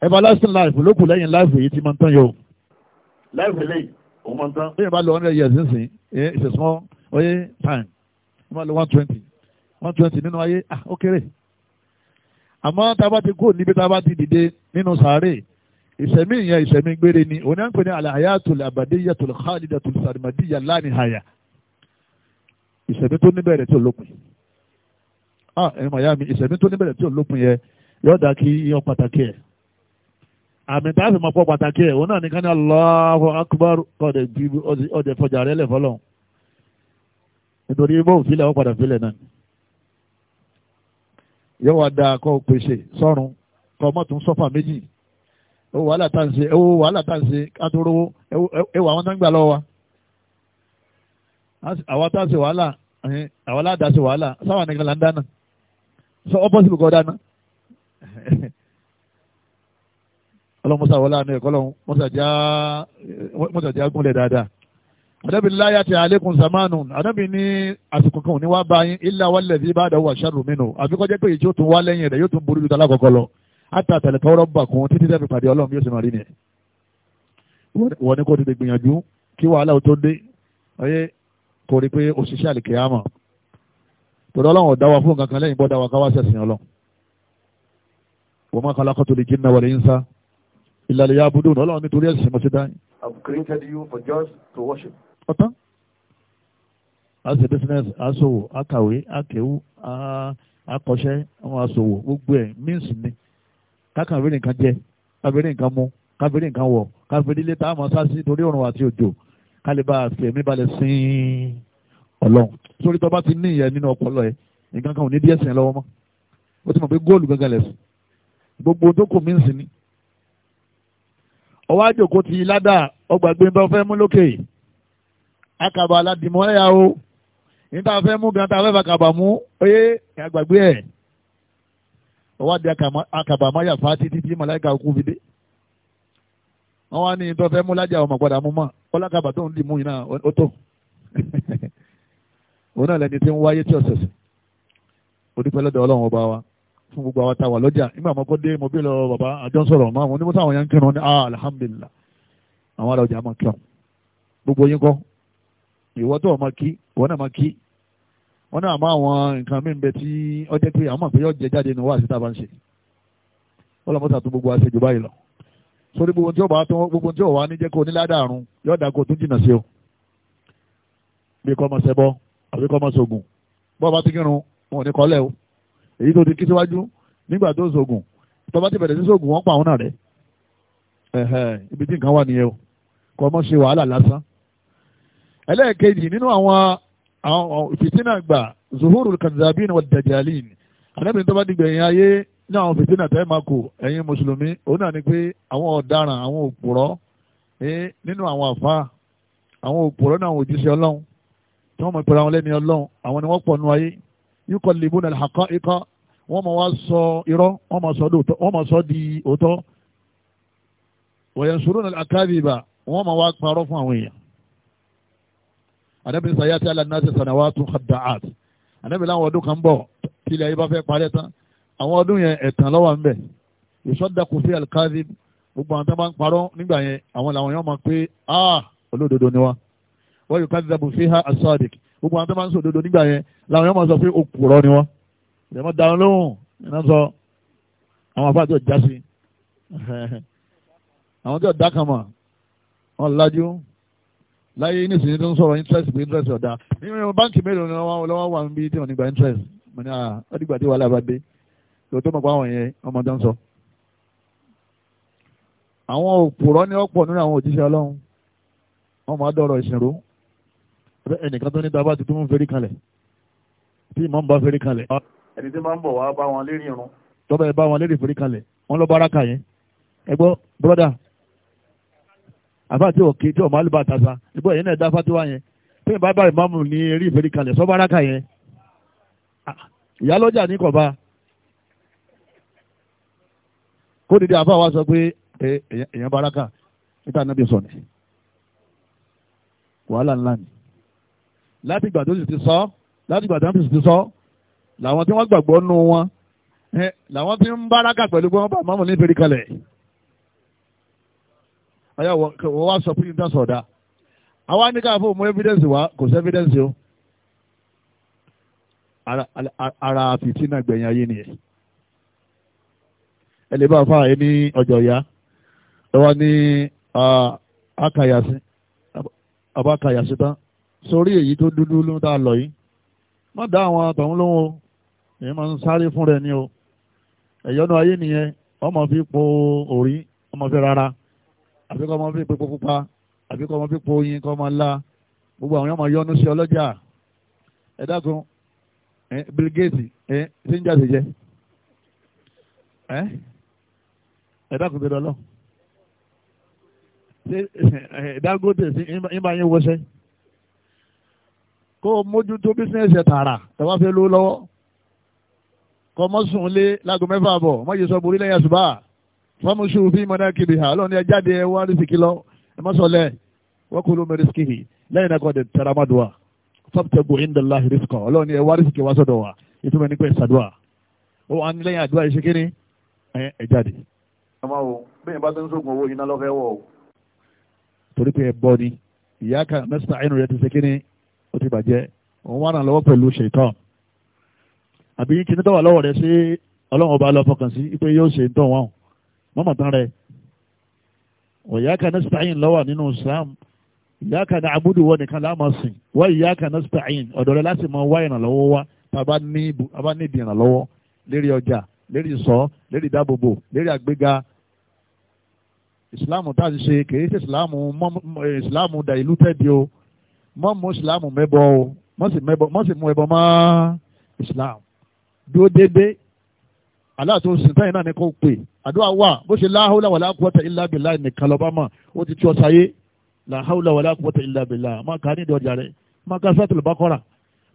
everlasting life ló kù lẹ́yìn life yìí ti máa ń tán yóò láìpẹ́ lẹ́yìn òun máa ń tán. bẹ́ẹ̀ bá lọ hundred years nísìn it's a small oye time wọ́n máa lọ one twenty one twenty nínú ayé ah ó kéré àmọ́ tá a bá ti kú níbi tá a bá ti dìde nínú sàárè ìsẹ̀mí ìyẹn ìsẹ̀mí gbére ni òun náà ń pè ní alahayatul abadiyatul khalidatul sarimadiya lanihaya ìsẹ̀mí tó níbẹ̀rẹ̀ tí ò lópin ah ẹ̀yin màyà mi ìsẹ̀mí tó níbẹ̀rẹ̀ tí ò lópin yẹ yọ̀ọ́dà kí yọ pàtàkì ẹ̀ àmì tá a fi máa fọ pàtàkì ẹ̀ òun náà nìkan ní Allahu Akbar kọ́ọ̀dẹ̀ bí ọdẹ fọjà rẹ lẹ̀ fọlọ́n nítorí bóun sílẹ̀ ó padà sílẹ̀ náà yóò wá dáa kọ́ pèsè sọ́run kọ́ mọ́ tún sọ́fà méjì ó wàhálà tá à ń ṣe ó wàhálà tá à ń ṣe kátóró ẹwà àwọn tó ń gbà lọ́wọ́ wa àwa tá à ń ṣe wàhálà àwa ládàá ṣe wàhálà sáwọn nìkan là ń dáná sọ ọ́ bọ́sibú kọ́ dáná. ọlọ́mọsá wọlé àánú ẹ̀kọ́ lọ́hún mọ́sàjá gúnlẹ̀ dáadáa ànábì láyà tí àlékún samánù ànábì ní àsìkò kan ní wá bá yín ilá wálẹ̀ bí bá dáwọ́ àṣàrò mínú àfikọ́ jẹ́ pé èyí tó tún wá lẹ́yìn rẹ̀ yóò tún burú ju tala kọ̀kọ́ lọ àtàtàlẹ̀ kọ́rọ́ bà kún títí tẹ́ fi pàdé ọlọ́run yóò sì máa rí ni. wọ́n ní kó tètè gbìyànjú kí wàhálà tó dé ìlàlẹ̀ ya abúdó ọlọ́run nítorí ẹ̀sìn mọ́ dáyìn. I've created you for just to worship. ọ̀tán a ṣe business aṣòwò akàwé akẹ́wù akọ́ṣẹ́ àwọn aṣòwò gbogbo ẹ̀ means ni kákàwé nìkan jẹ kábẹ́rẹ́ nìkan mu kábẹ́rẹ́ nǹkan wọ̀ kábẹ́rẹ́ ilé tá a mọ̀ sáàsì torí òrùn àti òjò kálíbà fẹ̀mí balẹ̀ sìn ọlọ́run sórí tó bá ti ní ìyẹn nínú ọpọlọ ẹ nǹkan kan ò ní díẹ̀ sìn lọ́wọ́ mọ́ ó ti mọ̀ pé góòlù gángan lẹ̀ sìn gbogbo tó kò ni ọwọ́ àjòkó ti ládà ọgbàgbé tó fẹ́ mú lókè akàbà aládìmọ́ ẹ̀yà o níta fẹ́ mú gan ta fẹ́ fà kàbà mú oyé àgbàgbé ẹ̀ ọwọ́ àdì akàbà máyà fà títí tí màláìka kú fi dé wọ́n wá ní tó fẹ́ mú lájà ọmọ padà mú mọ́ ọlákàbà tó ń dì mú yìí náà ó tó òun náà lẹni tí ń wáyé tí ọ̀sẹ̀sẹ̀ ó dúpẹ́ lọ́dọ̀ ọlọ́run ọba wa fún gbogbo àwọn táwa lọ́jà nígbà mọ́ kó dé mo bí lọ bàbá àjọ sọ̀rọ̀ mọ́ àwọn onímọ̀tà àwọn yẹn ń kírun ní ah, alhamdulillah àwọn ará ọjà máa kírun gbogbo yín kọ́ ìwọ́ tó máa kí ìwọ́ náà máa kí wọ́n náà máa àwọn nǹkan mí bẹ tí ọjọ́ pé àwọn àpéyọ́ jẹ jáde ní wáàsí tá a bá ń ṣe wọ́n lọ mọ́tà tó gbogbo àṣẹ jù báyìí lọ sórí gbogbo tí ọba tó ní jẹ́ kó oníládàrún yóò dà kó jìnnà sí o bí èyí tó ti kí síwájú nígbà tó ń sògùn tó bá ti bẹ̀rẹ̀ sí sògùn wọ́n pa àwọn náà rẹ̀ ẹ̀hẹ̀ ibi tí nǹkan wà nìyẹn o kọ́ mọ́ ṣe wàhálà lásán. ẹlẹ́ẹ̀kejì nínú àwọn fìtínà gbà zuhurul kanzabin wa dajalin anábì tó bá di gbẹ̀yìn ayé ní àwọn fìtínà tẹ́ máa kù ẹ̀yin mùsùlùmí òun náà ni pé àwọn ọ̀daràn àwọn òpùrọ́ nínú àwọn àfa àwọn òpùrọ́ náà òjíṣẹ́ ọlọ́run tí wọ́n mọ̀ pẹ̀lú àwọn lẹ́ni ọlọ́run àwọn ni wọ́n pọ̀ nú ayé yuqallibuna al-haqa'iqa wọ́n máa wá sọ irọ́ wọ́n máa sọ di òótọ́ wa yansuruna al-akadhiba wọ́n máa wá parọ́ fún àwọn èèyàn anabi sayati ala nasi sanawatu khadda'at anabi láwọn ọdún kan bọ̀ tilẹ̀ ayé bá fẹ́ parẹ́ tán àwọn ọdún yẹn ẹ̀tàn ló wà ń bẹ yusaddaqu fi gbogbo àwọn tó ń parọ́ nígbà yẹn àwọn làwọn yẹn máa pé ah olódodo ni wa wọ́n yóò kájí dabu fi ha asadiq gbogbo àwọn tó máa ń sòdodo nígbà yẹn làwọn yẹn máa sọ pé òpùrọ́ ni wọ́n ìyẹn máa dáhùn lóhùn iná sọ àwọn afáàtì ọjà sí àwọn tí ọ̀dà kan mà wọ́n lajú láyé nísìnyí tó ń sọ̀rọ̀ interest bí interest ọ̀dà nínú báńkì mélòó ni wọ́n wà níbi tí wọ́n nígbà interest mo ní à ó dìgbà tí wàhálà bá tó tó mọ̀ pé àwọn yẹn ọmọ tó ń sọ. àwọn òpùrọ́ ni ọ̀pọ̀ nínú àwọn òjíṣẹ́ ọlọ́run wọ́n máa dọ̀rọ̀ ìṣìnrú ẹnìkan tó ní tá a bá ti tún fẹ́rí kalẹ̀ tí ìmọ̀ ń bá fẹ́rí kalẹ̀. ẹni tí máa ń bọ̀ wá bá wọn lérí irun. tọ́ba ẹ̀ bá wọn lérí fẹ́rí kalẹ̀ wọ́n lọ bára kà yẹn ẹ gbọ́ bọ́dà àbá tí òkè tí ọmọ alùpàá tàṣà ìbọn ẹ̀yìn náà dá fatiwa yẹn tí ìbá bá ìmáàmù ní eré ìfẹ́rí kalẹ̀ sọ bára kà yẹn ìyálọ́jà ní kọ̀ọ̀bá kó dìde àbá wa sọ pé èèyàn baraka níta náà bí sọ ni wàhálà ńlá ni láti ìgbà tó sì ti sọ láti ìgbà tó sì ti sọ làwọn tí wọ́n gbàgbọ́ nù wọn làwọn tí ń báraka pẹ̀lú pé wọ́n bá mọ́mọ́ ní ìfẹ́rí kalẹ̀ ọ̀yà wọ́n wá sọ fún yín dáṣọ̀ ọ̀dà àwa ní káfọ́ mú evidence wá kò sí evidence o ara fìtínà gbẹ̀yìn ayé nìyẹn ẹ lè bá fáà ní ọjọ́ ìyá ẹ wá ní akayasi ah, abakayasi tán sórí èyí tó dúdú ló ń ta lọ yìí má dá àwọn àtọ̀hún lóhùn o èyí máa ń sáré fún rẹ ni o ẹ̀yọ́nú ayé nìyẹn ọmọ fi po òrí ọmọ fi rárá àbíkọ́ ọmọ fi po pupa àbíkọ́ ọmọ fi po oyin kọ́ ọmọ ńlá gbogbo àwọn yọmọ yọnu sí ọlọ́jà ẹ dákun ẹ Bill Gates ẹ ṣé ń jẹ ẹ ẹ dákun tó dọlọ ṣé ẹ Dangote ṣe ń bá kó o mójútó bísíǹsì tààrà tàbá fẹ́ ló lọ́wọ́ kọ́ mọ́ sùn lé láago mẹ́fà bọ̀ mọ́ yìí sọ borí lẹ́yìn àṣùbà fọ́mùsù fi mọ́dá kìbì hà lọ́ni ẹ jáde ẹ wá rìsìkì lọ ẹ mọ́ sọlẹ̀ wọ́n kúrò mẹ́ rìsìkì yìí lẹ́yìn náà kọ́ de tẹ̀rámàdùà fọ́pútẹ́bù ìndàlá rìsìkọ̀ ọlọ́ni ẹ wá rìsìkì wá sọ̀dọ̀ wa ìtumọ̀ nípa ìsàdùà ó wà ní lẹ́yìn àdúrà ìṣe ìyá kan mẹ́sàn-án rẹ̀ ti ṣe kíní ó ti bàjẹ́ òun wà ràn lọ́wọ́ pẹ̀lú ṣètọ́n àbí kí ní tọ́wà lọ́wọ́ rẹ̀ sí ọlọ́run ọba lọ fọkàn sí pé yóò ṣe tán wọn mọ́mọ́ tán rẹ̀ ọ̀yá kan nasta'in lọ́wọ́ nínú Islam ìyá kan ní abúdù wọn nìkan láàmọ́ sìn wọ́n ìyá kan nasta'in ọ̀dọ̀ rẹ̀ láti mọ wá ìrànlọ́wọ́ wá tá a bá nídìí ìrànlọ́wọ́ lérí ọjà lérí sọ lérí ìdábòbò lérí àgbéga ìsìláàmù tá a ti ṣe kì í ṣe ìsìláàmù dà ìlú tẹ́bi o mọ́ mú ìsìláàmù mẹ́bọ o mọ́ sì mẹ́bọ mọ́ sì mú ẹbọ mọ́ ìsìláàmù dúró déédéé aláàtò sìntẹ́yìn náà ni kò pè àdúrà wà bó ṣe láhàúlà wàlá quwwata illa billahi nìkan lọ́ba mọ̀ ó ti tí ọ sáyé láhàúlà wàlá quwwata illa billahi máa kà á nídìí ọjà rẹ̀ máa kà sátìlù bákọ́rà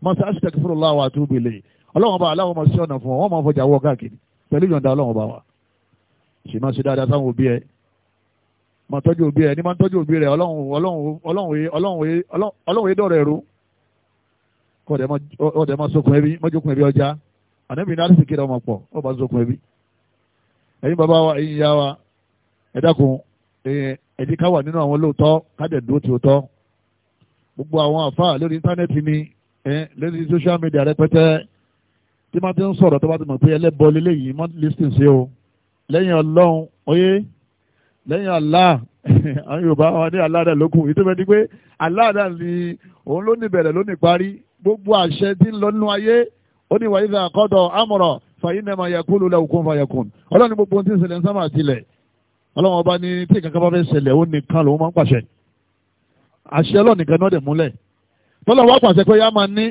máa sá astaghfirullah wa atubu ilayhi ọlọ́wọ́n bá aláwọ̀ máa ṣí ọ̀nà fún wọn wọ́n máa fọjà wọ káàkiri pẹ̀lú ìyọ̀ǹda ọlọ́wọ́n bá wa ṣì máa ṣe dáadáa sáwọn òbí ẹ mọ̀ tọ́jú òbí rẹ̀ ní máa ń tọ́jú òbí rẹ̀ ọlọ́run ọlọ́run ọlọ́run ọlọ́run dọ̀rọ̀ ẹ̀rú kọ́ ọ̀dẹ̀ máa sokùn ẹbí mọ́jókùn ẹbí ọjà ànábì náà sì kéde ọmọ pọ̀ ọba sokùn ẹbí ẹ̀yin bàbá wa ẹ̀yin ìyá wa ẹ dákun ẹ̀dí ká wà nínú àwọn olóòótọ́ kádẹ̀ dúró tí ó tọ́ gbogbo àwọn àfáà lórí íńtánẹ́ẹ̀tì ni lórí social media rẹpẹtẹ tí máa ti ń sọ̀rọ̀ tó bá ti mọ̀ pé ẹlẹ́bọ lélẹ́yìí mọ́ lísìn sí o lẹ́yìn ọlọ́run oyé lẹ́yìn Allah àwọn Yorùbá wọn ní aláàdá lókun ìtumọ̀ ni pé aláàdá ni òun ló ní bẹ̀rẹ̀ ló ní parí gbogbo àṣẹ tí ń lọ nínú ayé ó ní wàyí fẹ́ àkọ́dọ̀ amọ̀rọ̀ fàyínàmọ̀ yakulu lẹ́wọ̀kún fàyẹ̀kún ọlọ́run gbogbo ohun tí ń ṣẹlẹ̀ ń sábà tilẹ̀ ọlọ́run ọba ní tí kankan bá fẹ́ ṣẹlẹ̀ ó nìkan lòun máa ń pàṣẹ àṣẹ ọlọ́run nìkan náà dẹ̀ múlẹ̀ tọ́lọ́ wá pàṣẹ pé yá máa ní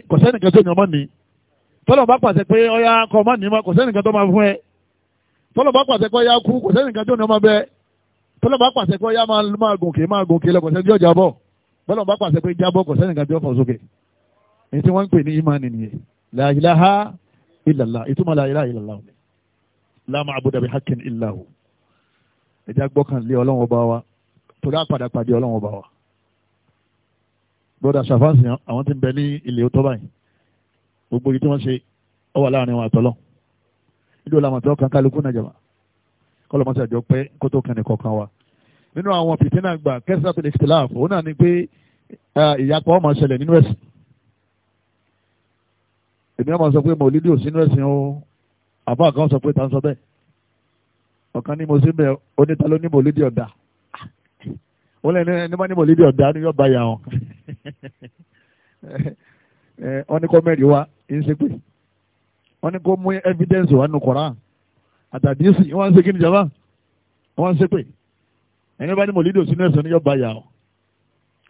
ni tọ́lọ́ bá tọ́lọ́ bá pàṣẹ pé ọyá máa gòkè máa gòkè lọ́kọ̀ọ́sẹ́ bí ọjà bọ̀ bọ́lọ̀ bá pàṣẹ pé jábọ̀ kọ̀ sẹ́nìkan bí ọkọ̀ sókè èyí tí wọ́n ń pè ní ìmánì nìyẹn la ilaha illallah ìtumọ̀ la ilaha illallah la ma'buda bi haqqin illahu ẹ̀já gbọ́kàn lé ọlọ́run ọba wa torí àpàdà pàdé ọlọ́run ọba wa broda safasi àwọn tí ń bẹ ní ilé tó báyìí gbogbo yìí ṣe ọ láàrin wọn àtọ́lọ́ nílò làwọn tó kàn kálukú náà jàmá kọlọmọsí àjọ pé kó tó kẹ́ni kọ̀ọ̀kan wa nínú àwọn fìtínà gbà kẹsàn-án tó lè ṣe láàfọ̀ òun náà ni pé ìyapa ọmọ ṣẹlẹ̀ nínú ẹ̀sìn èmi ọmọ sọ pé mọ̀lídì ò sínú ẹ̀sìn o àbá kan sọ pé ta ń sọ bẹ́ẹ̀ ọ̀kan ní mo sí bẹ́ẹ̀ oníta ló ní mọ̀lídì ọ̀dà wọ́n lẹ́nu ẹni bá ní mọ̀lídì ọ̀dà ni yóò bá yà wọn wọ́n ní kó mẹ́rin wá ń ṣe pé wọ́n ní kó mú evidence wà nù Kùránì àtàdísì wọ́n ń ṣe kí ni jàmbá wọ́n ń ṣe pé ẹ̀yin bá ní mọ̀lídìí òsínú ẹ̀sán ní yọ̀bá yà wọ́n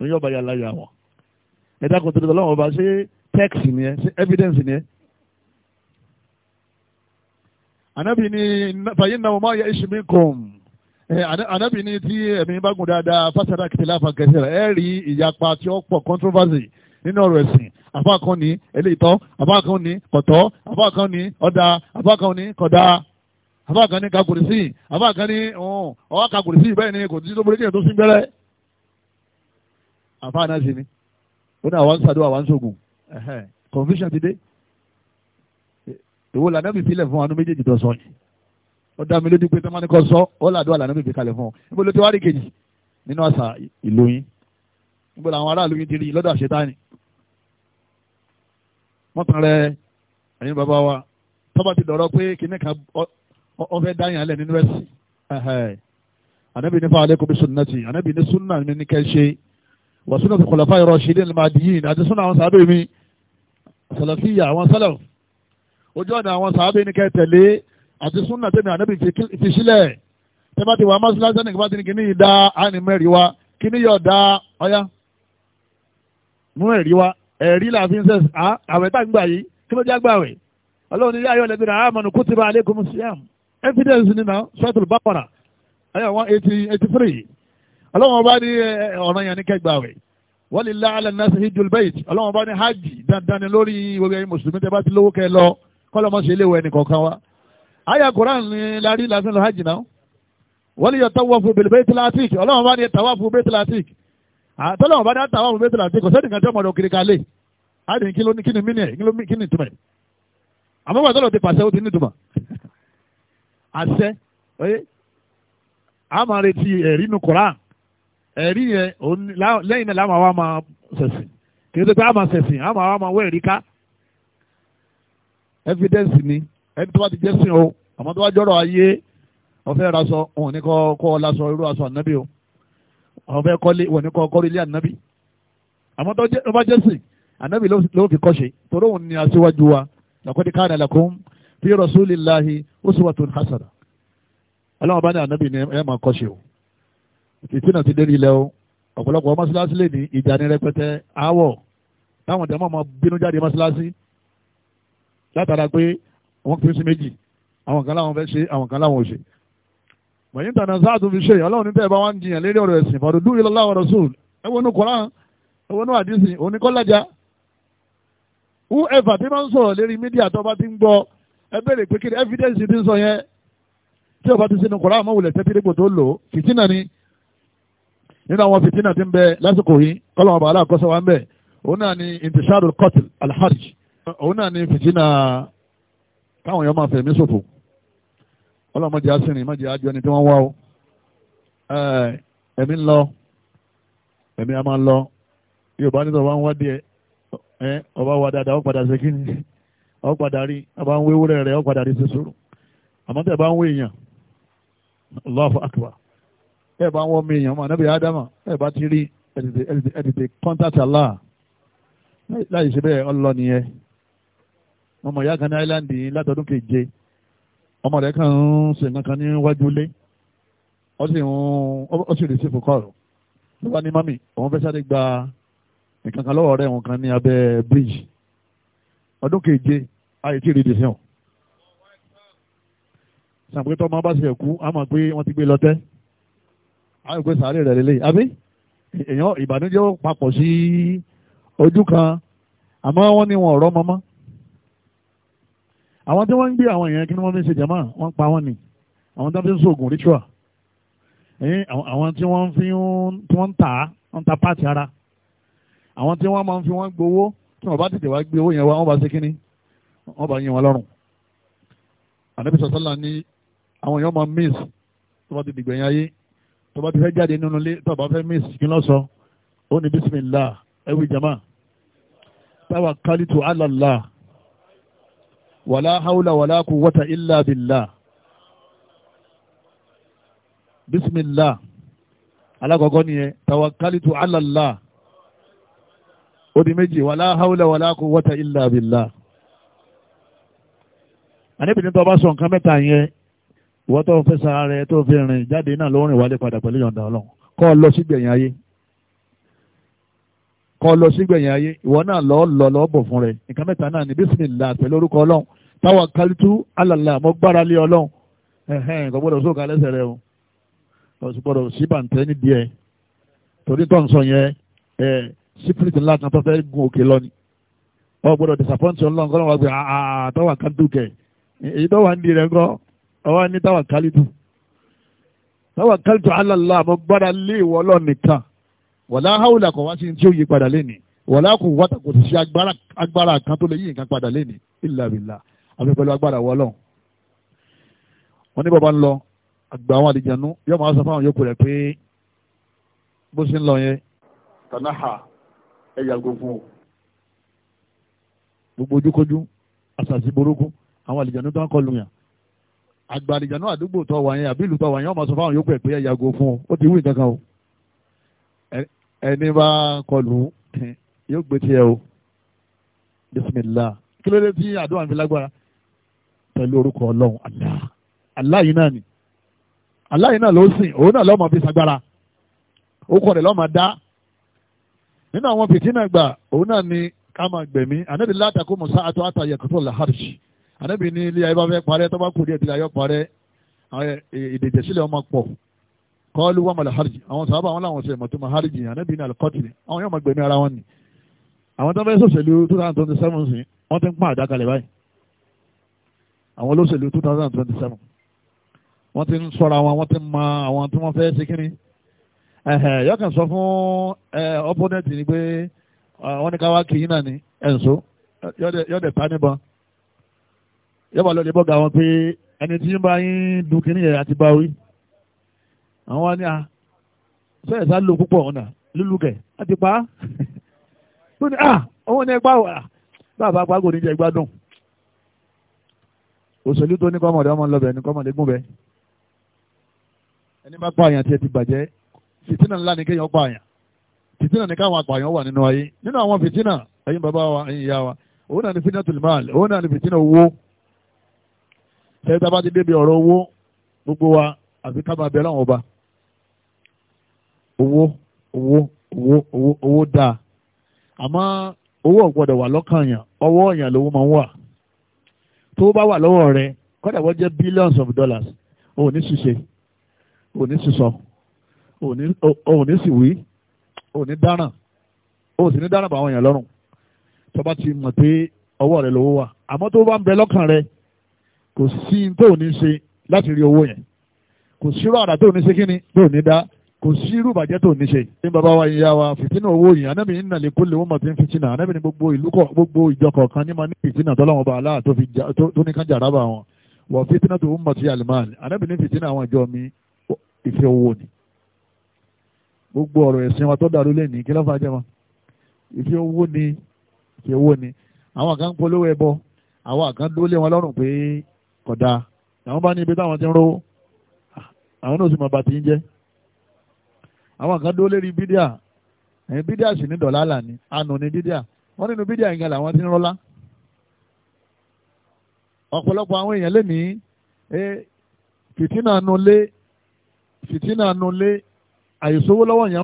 ní yọ̀bá yà láyà wọ́n ẹ̀dá kan tó lè tọ́lọ́wọ́n ọba ṣé text ni ẹ ṣé evidence ni ẹ. ànábì ni fàyè náà wọ́n máa yẹ iṣu mi kùn ànábì ni tí ẹ̀mí bá gùn dáadáa fásitì akitẹ́lá fankẹ́sẹ̀ rẹ̀ ẹ̀ rí ìyapa tí ó pọ̀ controversy nínú ọ̀rọ̀ ẹ̀sìn àbá kan ní eléyìí tọ́ àbá kan ní kọ̀tọ́ àbá kan ní àbá kan ní kakùrì sí àbá kan ní ọwọ́ kakùrì sí bẹ́ẹ̀ ni kò tí tó borí kéèyàn tó sí gbẹ́rẹ́ àbá náà sì ni ó ní àwọn sàdó àwọn sógun confusion ti dé ìwọ lànàbì sílẹ̀ fún àwọn méjèèjì tó sọ yìí ó dá mi lójú pé tẹ́wọ́n ní kò sọ ó làdó àlànàbì fi kalẹ̀ fún ọ níbo ló ti wárí kejì nínú àṣà ìlú yín níbo làwọn aráàlú yín ti rí lọ́dọ̀ àṣetáni mọ́tàn rẹ ẹ̀yin bàbá wa tọ́ba ọfẹ́ dáyàn lẹ̀ nínú ẹ̀sìn anabi ní fàálẹ́ kò bí sunnati anabi ní sunna mi ní kẹ́ṣe wà sunna tó kọlọ́fà yọrọ ṣídẹ̀ ní màdìyìn àti sunna àwọn sàábẹ̀ mi sàlàfíyà àwọn sàlàf ojú ọ̀nà àwọn sàábẹ̀ ní kẹ́ tẹ̀lé àti sunna tẹ̀mí anabi fi sílẹ̀ tẹ́bá ti wà mọ́sálásán ní kíbátí ní kíní yìí dá àní mẹ́rin wa kíní yọ̀ dá ọ̀yá mú ẹ̀rí wa ẹ̀rí làfin sẹ́s àwẹ̀ tá gbà yìí kí ló já gbà wẹ̀ ọlọ́run ní yáyọ̀ lẹ́gbẹ̀rẹ̀ evidence nínú sọ́tùlù bákọ̀rà ayé one eighty eighty three ọlọ́wọ́n bá ní ọ̀ràn yẹn ní kẹgbàwé wọ́n lè láàlẹ̀ náà hijjul bayt ọlọ́wọ́n bá ní hajj dandan ni lórí gbogbo ẹ̀yin mùsùlùmí tẹ́ bá ti lówó kẹ lọ kọ́lọ́mọ́ sí ilé ìwé ẹnì kọ̀ọ̀kan wa ayé koran ni larí lásán lọ hajj náà wọ́n lè yọ tawafu bil bayt latik ọlọ́wọ́n bá ní tawafu bayt latik àtọ́lọ́wọ́n bá ní tawafu bayt latik kò sẹ́ni kan tẹ́ mọ̀dọ̀ kiri kalẹ̀ àdìyìn kí ni mí àṣẹ oye a máa retí ẹ̀rí nu koran ẹ̀rí yẹn lẹ́yìn náà láwọn àwa máa ṣẹ̀sìn kì í ṣe pé a máa ṣẹ̀sìn a máa máa wọ ẹ̀rí ká evidence ni ẹni tó bá ti jẹ́ o àmọ́ tó bá jọ́rọ̀ ayé ọ̀fẹ́ raṣọ òun ní kọ́ laṣọ irú aṣọ ànábì o ọ̀fẹ́ kọ́lé òun ní kọ́ kọ́rí ilé ànábì àmọ́ tó bá jẹ́ sìn ànábì ló fi kọ́ ṣe torí òun ni aṣíwájú wa làkọ́dí káàdà làkún bí rasulillahi uswatun hasana ọlọ́wọ́n bá ní ànábì ní ẹ máa kọ́ ṣe o ìtìnà ti dé ní ilẹ̀ o ọ̀pọ̀lọpọ̀ mọ́ṣáláṣí lè ní ìjà ní rẹpẹtẹ aáwọ̀ táwọn ìdààmú ọmọ bínú jáde mọ́ṣáláṣí látara pé wọ́n pín sí méjì àwọn kan láwọn fẹ́ ṣe àwọn kan láwọn ò ṣe mọ̀yìn tànà sáà tó fi ṣe ọlọ́run ní tẹ́ẹ̀ bá wọn jiyàn lérí ọ̀rọ̀ ẹ̀sìn fọdún dúró lọ́la ọ̀rọ̀ sùn ẹwọ́n ní kọ́lá ẹwọ́n ní whoever ẹ bẹ̀rẹ̀ pé kí ni evidence ti ń sọ yẹn tí o bá ti sínú kọ́ra àmọ́ wulẹ̀ tẹ́tí dípò tó lò fìtínà ni nínú àwọn fìtínà ti ń bẹ lásìkò yìí kọ́lọ́ ọba aláàkọ́sọ wa ń bẹ òun náà ni intisharu qatl alharj òun náà ni fìtínà káwọn èèyàn máa fẹ̀mí ṣòfò ọlọ́mọdé asìnrìn mọ́jẹ àjọ ẹni tí wọ́n wá o ẹ̀mí ń lọ ẹ̀mí a máa ń lọ yóò bá nítorí wọn wá díẹ̀ ọba wa dáadáa ó padà ṣe kí ni ọ padà rí ọba ń wé wúrẹ́ rẹ̀ ọ padà rí sísúrù àmọ́ tẹ̀ bá ń wé èèyàn Allahu akbar ẹ bá ń wọ́ mi èèyàn mọ́ ànábì ádámà ẹ bá ti rí ẹ̀dìdì contact Allah láì ṣe bẹ́ẹ̀ ọlọ́ nìyẹn ọmọ ìyá kan ní island yìí látọdún keje ọmọ rẹ̀ kàn ń ṣe nǹkan kan níwájú ilé ó sì ń ó sì rìsífù kọ́ọ̀rù ló bá ní mami òun fẹ́ sáré gba nǹkan kan lọ́wọ́ rẹ̀ òun kan ní abẹ́ bridge ọdún keje àyè tí rèdè sẹ́wọ̀n sàpétọ́ máa bá ṣe kú a máa pé wọ́n ti gbé lọ́tẹ́ àyè pé sàárè rẹ̀ lélẹ̀ àbí èèyàn ìbànújẹ́ papọ̀ sí ojú kan àmọ́ wọ́n ní wọn ọ̀rọ̀ mọ́mọ́ àwọn tí wọ́n ń gbé àwọn èèyàn kí ni wọ́n fi ń ṣe jàmáà wọ́n pa wọ́n ni àwọn tí wọ́n fi ń sóògùn ritual àwọn tí wọ́n fi ń tà á wọ́n ta páàtì ara àwọn tí wọ́n máa ń fi wọ́n gbowó tí wọ́n bá tètè wá gbé owó yẹn wá wọ́n bá ṣe kínní wọ́n bá yín wọn lọ́rùn ànábì sọ́sọ́là ní àwọn èèyàn máa miss tó bá ti dìgbẹ̀yìn ayé tó bá ti fẹ́ jáde nínú ilé tó bá fẹ́ miss kí lọ́sọ ó ní bísímìlá ẹwì jama tawakkaltu ala Allah wàlá haúlà wàlá quwwata illa billah bísímìlá alákọ̀ọ́kọ́ nìyẹn tawakkaltu ala Allah ó di méjì wàlá haúlà wàlá quwwata illa billah àníbi ní tó bá sọ nǹkan mẹ́ta yẹn ìwọ́n tó fẹ́ sara rẹ tó fi rìn jáde náà ló rìn wálé padà pẹ̀lú yọ̀ǹda ọlọ́run kọ́ ọ lọ sígbẹ̀yìn ayé kọ́ ọ lọ sígbẹ̀yìn ayé ìwọ náà lọ́ lọ lọ́ bọ̀ fún rẹ nǹkan mẹ́ta náà ní bísímìlà pẹ̀lú orúkọ ọlọ́run táwa kálítú alàlà mo gbára lé ọlọ́run ẹ̀hẹ́n kò gbọ́dọ̀ sókà lẹ́sẹ̀ rẹ o ọ̀sùn gbọ́dọ̀ èyí tó wà ń di rẹ̀ ńkọ́ ọwọ́ ní táwa kálítù táwa kálítù alàlá àmọ́ gbára lé ìwọ ọlọ́run nìkan wàlá haúlà kọ̀ wá sí tí ó yí padà léni wàlá kò wọ́tà kò sí agbára kan tó lè yí nǹkan padà léni ìlà bìlà àfi pẹ̀lú agbára wọ ọlọ́run wọn ní bàbá ń lọ àgbà àwọn àlìjànú yóò máa sọ fáwọn yòókù rẹ̀ pé bó ṣe ń lọ yẹn tanaha ẹ̀yà gbogbo gbogbo ojúkójú àṣàṣì burúkú àwọn àlìjànú tó ń kọlu yàn àgbà àlìjànú àdúgbò tó wà yẹn àbí ìlú tó wà yẹn ọmọ sọ fáwọn yòókù ẹ pé ẹ yàgò fún ọ ó ti wí nǹkan kan o ẹni bá kọlu yóò gbé tiẹ o bisimilah kí ló dé tí àdúrà fi lágbára pẹ̀lú orúkọ ọlọ́run Allah Allah yìí náà ni Allah yìí náà ló sìn òun náà lọ́mọ fi sagbára ó kọ̀ rẹ̀ lọ́mọ dá nínú àwọn fìtínà gbà òun náà ni ká máa gbẹ̀mí ànábìlá àtàkùn musa àtọ́ ànábì ní ilé ayé bá fẹ́ parẹ́ tó bá kù díẹ̀ tilẹ̀ ayọ́ parẹ́ ìdèjẹ̀sílẹ̀ ọmọ pọ̀ kọ́ọ́lù wà mọ̀lẹ̀ hàrìjì àwọn sábà wọn làwọn sọ ìmọ̀tòmọ̀ hàrìjì ànábì ní alikọ́tìlì àwọn yóò máa gbẹ̀mí ara wọn ni àwọn tó ń fẹ́ sọ̀sẹ̀lú two thousand twenty seven sí wọ́n ti ń pọ́n àdákalẹ̀ báyìí àwọn olóṣèlú two thousand twenty seven wọ́n ti ń sọ̀rọ̀ àwọn wọ́n ti ń mọ àwọn tí wọ́n fẹ́ ṣe kínní ni pé wọ́n ní ká wá yọ́bà lọ́dẹ bọ́gà wọn pé ẹni tí ń bá yín dun kínní yẹn àti báwí àwọn wa ní a sẹ́yìn sá lò púpọ̀ ọ̀nà lúlùkẹ̀ àti pa á tó ní ah, ah, à òun ní ẹgbà wà bàbá àpagò níjẹ gbádùn òṣèlú tó ní kọ́mọ̀dé ọmọ ńlọbẹ̀ ní kọ́mọ̀dé gúnbẹ̀ ẹni bá pa àyàn tí ẹ ti bàjẹ́ fìtínà ńlá ni kéèyàn pa àyàn fìtínà ní káwọn apààyàn wà nínú ayé nínú àwọn fìtínà ẹ̀yin bàbá wa ẹ̀yin ìyá wa òun náà ni fìtínà tùlùmáàlì òun náà ni fìtínà owó sẹ́yìn tá a bá ti débi ọ̀rọ̀ owó gbogbo wa àfi ká máa bẹ láwọn ọba owó owó owó owó owó dáa àmọ́ owó ọ̀gbọ́dọ̀ wà lọ́kàn yàn ọwọ́ yàn lówó máa ń wà tó bá wà lọ́wọ́ rẹ kọ́dà wọ́n jẹ́ billions of dollars ò ní ṣiṣẹ́ ò ní sísọ ò ní sì wí ò ní dáràn ò sì ní dáràn bá àwọn èèyàn lọ́rùn tó bá ti mọ̀ pé ọwọ́ rẹ lówó wà àmọ́ tó bá ń bẹ lọ́kàn rẹ kò sí tó ní ṣe láti rí owó yẹn kò sírò àdá tó ní ṣe kíni tó ní dá kò sí irú ìbàjẹ́ tó ní ṣe. ní bàbá wa ìyá wa fìtínà owó yìí anábì ní nàlẹ́ kó lè wọ́n mọ̀tí ń fìtínà anábì ní gbogbo ìlú kọ̀ gbogbo ìjọ kọ̀ọ̀kan ní ma ní fìtínà tọ́lọ́wọ́n bá aláà tó ní kánjà rábà wọn. wọ́n fìtínà tó wọ́n mọ̀tí alimani anábì ní fìtínà àwọn ìjọ mi ìfẹ́ owó ni. gbogbo ọ̀rọ̀ ẹ̀sìn wa tó dàrú lé ní kí ló fà jẹ́ wọn. kódà àwọn bá ní ibi táwọn ti ń rówó ah, àwọn náà sì mọ bàtí ń jẹ àwọn kan dúró lérí bídíà ẹ̀yìn bídíà sì ní dọ̀làlà ni àánú ni bídíà wọ́n nínú bídíà yẹn làwọn ti ń àwọn èèyàn lè ní fìtínà nu lé fìtínà nu lé yẹn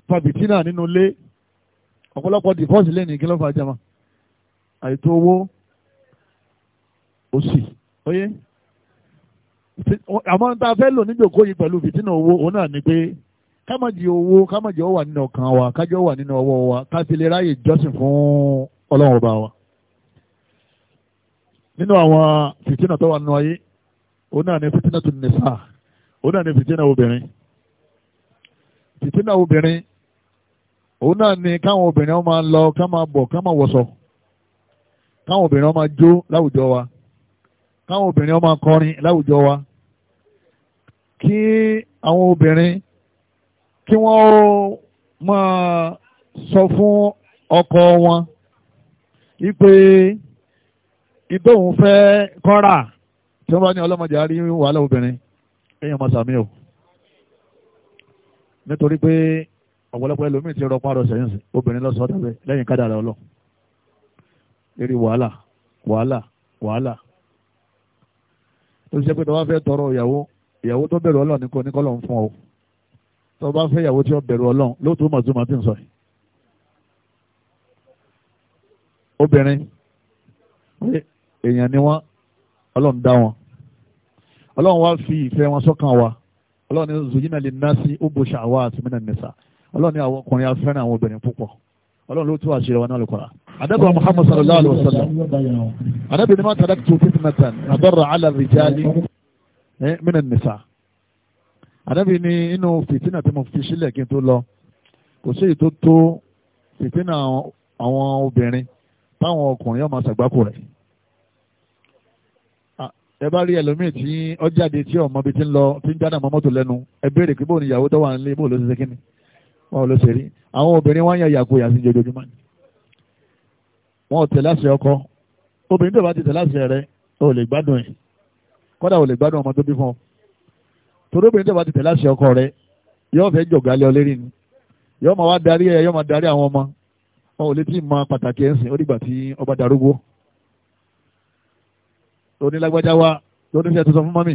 fa àmọ́ tá a fẹ́ lò níjòkó yìí pẹ̀lú fìtínà owó òun náà ni pé kámọ̀jì owó kámọ̀jì ó wà nínú ọkàn wa kájọ́ wà nínú ọwọ́ wa ká fi lè ráyè jọ́sìn fún ọlọ́run ọba wa. nínú àwọn fìtínà tó wà nínú ayé òun náà ni fìtínà tó nìsà òun náà ni fìtínà obìnrin fìtínà obìnrin òun náà ni káwọn obìnrin máa lọ ká bọ̀ ká wọ̀sọ̀ káwọn obìnrin máa jó láwùjọ wa káwọn obìnrin ọmọ akọrin láwùjọ wa kí àwọn obìnrin kí wọ́n máa sọ fún ọkọ wọn wípé ìdóhùn fẹ́ kọ́ra tí wọ́n bá ní ọlọ́mọdé àrí wàhálà obìnrin èèyàn máa sàmì o nítorí pé ọ̀pọ̀lọpọ̀ ẹlòmíì ti rọpá rọ sẹ́yìn obìnrin lọ́sọ̀ọ́ tàbí lẹ́yìn kádàrà ọlọ́ eré wàhálà wàhálà wàhálà tó ṣe pé tó bá fẹ́ tọrọ ìyàwó ìyàwó tó bẹ̀rù ọlọ́run ní kò ní kọ́lọ́ ń fún ọ tó bá fẹ́ ìyàwó tí ó bẹ̀rù ọlọ́run lóòótọ́ mọ̀ tó ń sọ obìnrin èèyàn ni wọ́n ọlọ́run dá wọn ọlọ́run wá fi ìfẹ́ wọn sọ́kàn wa ọlọ́run ní zùyínà lè ná sí ó bo ṣàwá àti mí ọlọ́run ni àwọn ọkùnrin afẹ́ràn àwọn obìnrin púpọ̀ ọlọ́run ló tú àṣírí wa náà lè kọ́ra. adábọ̀ muhammad sallallahu alayhi wa sallam adábìnrin máa tàdá tó fitnatan adarra ala rijali eh, mina nisa adábìnrin inú fitina tí mo fi sílẹ̀ kí n tó lọ kò sí èyí tó tó fitina àwọn obìnrin táwọn ọkùnrin yóò máa ṣàgbákò rẹ̀ ẹ bá rí ẹlòmíì tí ọjáde tí ọmọ bíi ti ń lọ ti ń jáde mọ́tò lẹ́nu ẹ béèrè pé bóun ìyàwó tó wà nílé bóun ló ṣe ṣe kí wọn ló ṣe rí àwọn obìnrin wọn yàn yàgòyà sí jojoojúmọ́ wọn ò tẹ̀lé àṣẹ ọkọ obìnrin tó bá ti tẹ̀lé àṣẹ rẹ ò lè gbádùn ẹ̀ kódà ò lè gbádùn ọmọ tó bí fún ọ torí obìnrin tó bá ti tẹ̀lé àṣẹ ọkọ rẹ yóò fẹ́ jọ̀gálẹ̀ ọlẹ́rì ni yóò máa wá darí ẹ yóò máa darí àwọn ọmọ wọn ò lè tí ì mọ pàtàkì ẹ̀ ń sìn ó dìgbà ọba darúgbó onílágbájá wa lóníṣẹ́ tuntun fún mọ́mì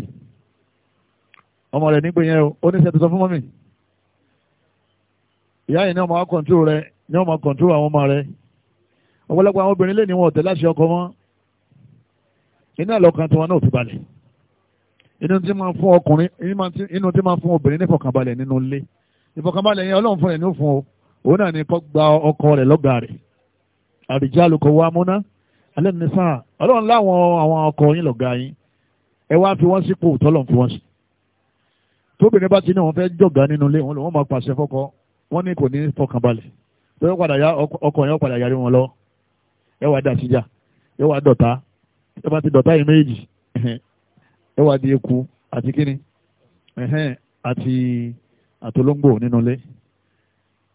ọmọ rẹ̀ nígbè yẹn o oníṣẹ́ tuntun fún mọ́mì ìyá yìí ni ọmọ akọ̀ǹtú rẹ ni ọmọ akọ̀ǹtú àwọn ọmọ rẹ ọ̀pọ̀lọpọ̀ àwọn obìnrin lè ní wọn ọ̀tẹ̀ láti ọkọ mọ́ iná lọ́kàn tiwọn náà ò fi balẹ̀ inú tí máa fún ọkùnrin inú tí máa fún obìnrin ní nínú ilé ìfọ̀kànbalẹ̀ yẹn ọlọ́run fún ẹ̀ ní ó o òun náà ni kó gba ọkọ rẹ̀ lọ́gàá rẹ̀ àrìjálù kò wá múná alẹ́ ní sáà ọlọ́run láwọn àwọn ọkọ yín lọ́gàá yín ẹ wá fi wọ́n sípò tọ́lọ̀ fi wọ́n sí tóbìnrin bá ti ní òun fẹ́ jọ̀gá nínú ilé òun lòun máa pàṣẹ fọ́kọ wọ́n ní kò ní fọkànbalẹ̀ lọ́wọ́ padà yá ọkọ̀ yẹn padà yarí wọn lọ ẹ wá dà síjà ẹ wá dọ̀tá ẹ bá ti dọ̀tá yìí méjì ẹ wá di eku àti kíni àti àtolóńgbò nínú ilé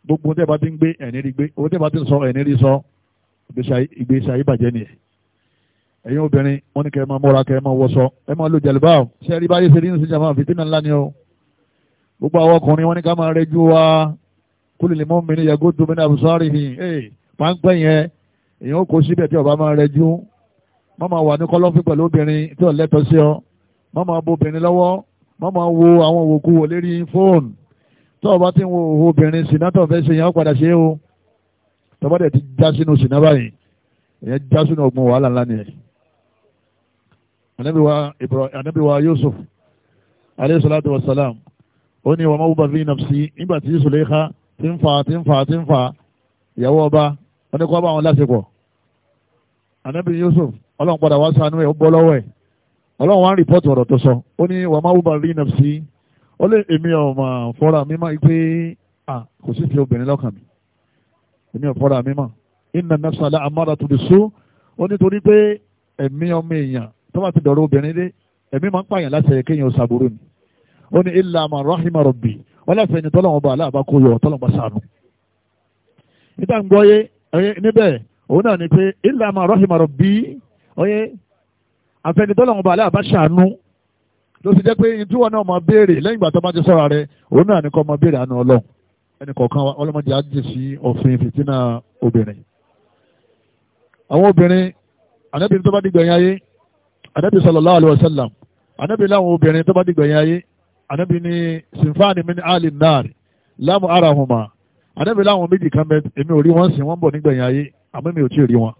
gbogbo tẹ́ bá ti ń gbé ẹ̀ní rí gbé owó tẹ́ bá ti ń sọ ẹ̀ní rí sọ ìgbésí ayé bàjẹ́ nìyẹn ẹ̀yin obìnrin wọ́n ní kẹ́ ẹ máa múra kẹ́ ẹ máa wọṣọ ẹ máa lo jàlùbá o ṣé ẹ rí báyé ṣe rí ní sí jàmáà ńlá ni o gbogbo àwọn ọkùnrin wọ́n ní ká máa rẹjú wa kúlù lè mọ́ mi ní yàgò tó mi ní àbùsọ́rì hìn ee pàǹpẹ́ yẹn èèyàn kò síbẹ̀ tí ọba máa rẹ jú mọ́mọ́ wà ní kọ́lọ́fín pẹ̀lú obìnrin tí ò lẹ́tọ̀ sí ọ mọ́mọ́ bo obìnrin lọ́wọ́ mọ́mọ́ wo àwọn òwòkú wò lérí fóònù tó ọba ti ń wo òwò obìnrin sinátọ̀ fẹ́ ṣe yẹn ó padà ṣe é o tọ́ba dẹ̀ ti já sínú siná báyìí èèyàn já sínú ọgbọ́n wàhálà ńlá nìyẹn. ànábì Yusuf aleyhi salatu wa salam ó ní wàmọ́ wúbà fi nàfsi nígbà tí Yusuf lè ha tí ń fa tí ń fa tí ń fa ìyàwó ọba wọn ní kó lásìkò anabi Yusuf ọlọ́run padà wá sanu ẹ̀ ó bọ́ lọ́wọ́ ẹ̀ ọlọ́run wá ń rìpọ́tù ọ̀rọ̀ tó sọ ó ní wà má wúba rí nàfsí ó lé èmi ọ̀mà fọ́ra mi má pé kò sí fi obìnrin lọ́kàn mi èmi ọ̀fọ́ra mi má inna nafsa la amara to the so ó nítorí pé ẹ̀mí ọmọ èèyàn tó bá ti dọ̀rọ̀ obìnrin dé ẹ̀mí máa ń pààyàn láti ẹ̀kẹ́ yẹn ó sàbúrò ó ní illa man rahima rabbi wọ́n lẹ́fẹ̀ẹ́ ni tọ́lọ́wọ́n bá aláàbá kó yọ tọ́lọ́wọ́n bá sànù. nígbà gbọ́ yé níbẹ̀ òun náà ni pé illa ma rahima rabbi ọyẹ àfẹ́ni tọ́lọ́wọ́n bá aláàbá sànù ló fi jẹ́ pé ìdúwọ̀n náà máa béèrè lẹ́yìn ìgbà tó bá ti sọ̀rọ̀ rẹ òun náà ni kò máa béèrè àánú ọlọ́run ẹnì kọ̀ọ̀kan ọlọ́mọdé á jẹ́ sí òfin fìtínà obìnrin àwọn obìnrin ànábì tó bá dìgbẹ̀yìn ayé ànábì sallallahu alaihi wasallam ànábì láwọn obìnrin tó bá dìgbẹ̀yìn ayé anabi ni sinfani min ali nari lamu ara huma anabi láwọn méjì kan bẹ èmi ò rí wọn sìn wọn bọ̀ nígbẹ̀yìn ayé àmọ́ mi ò tí ì rí wọn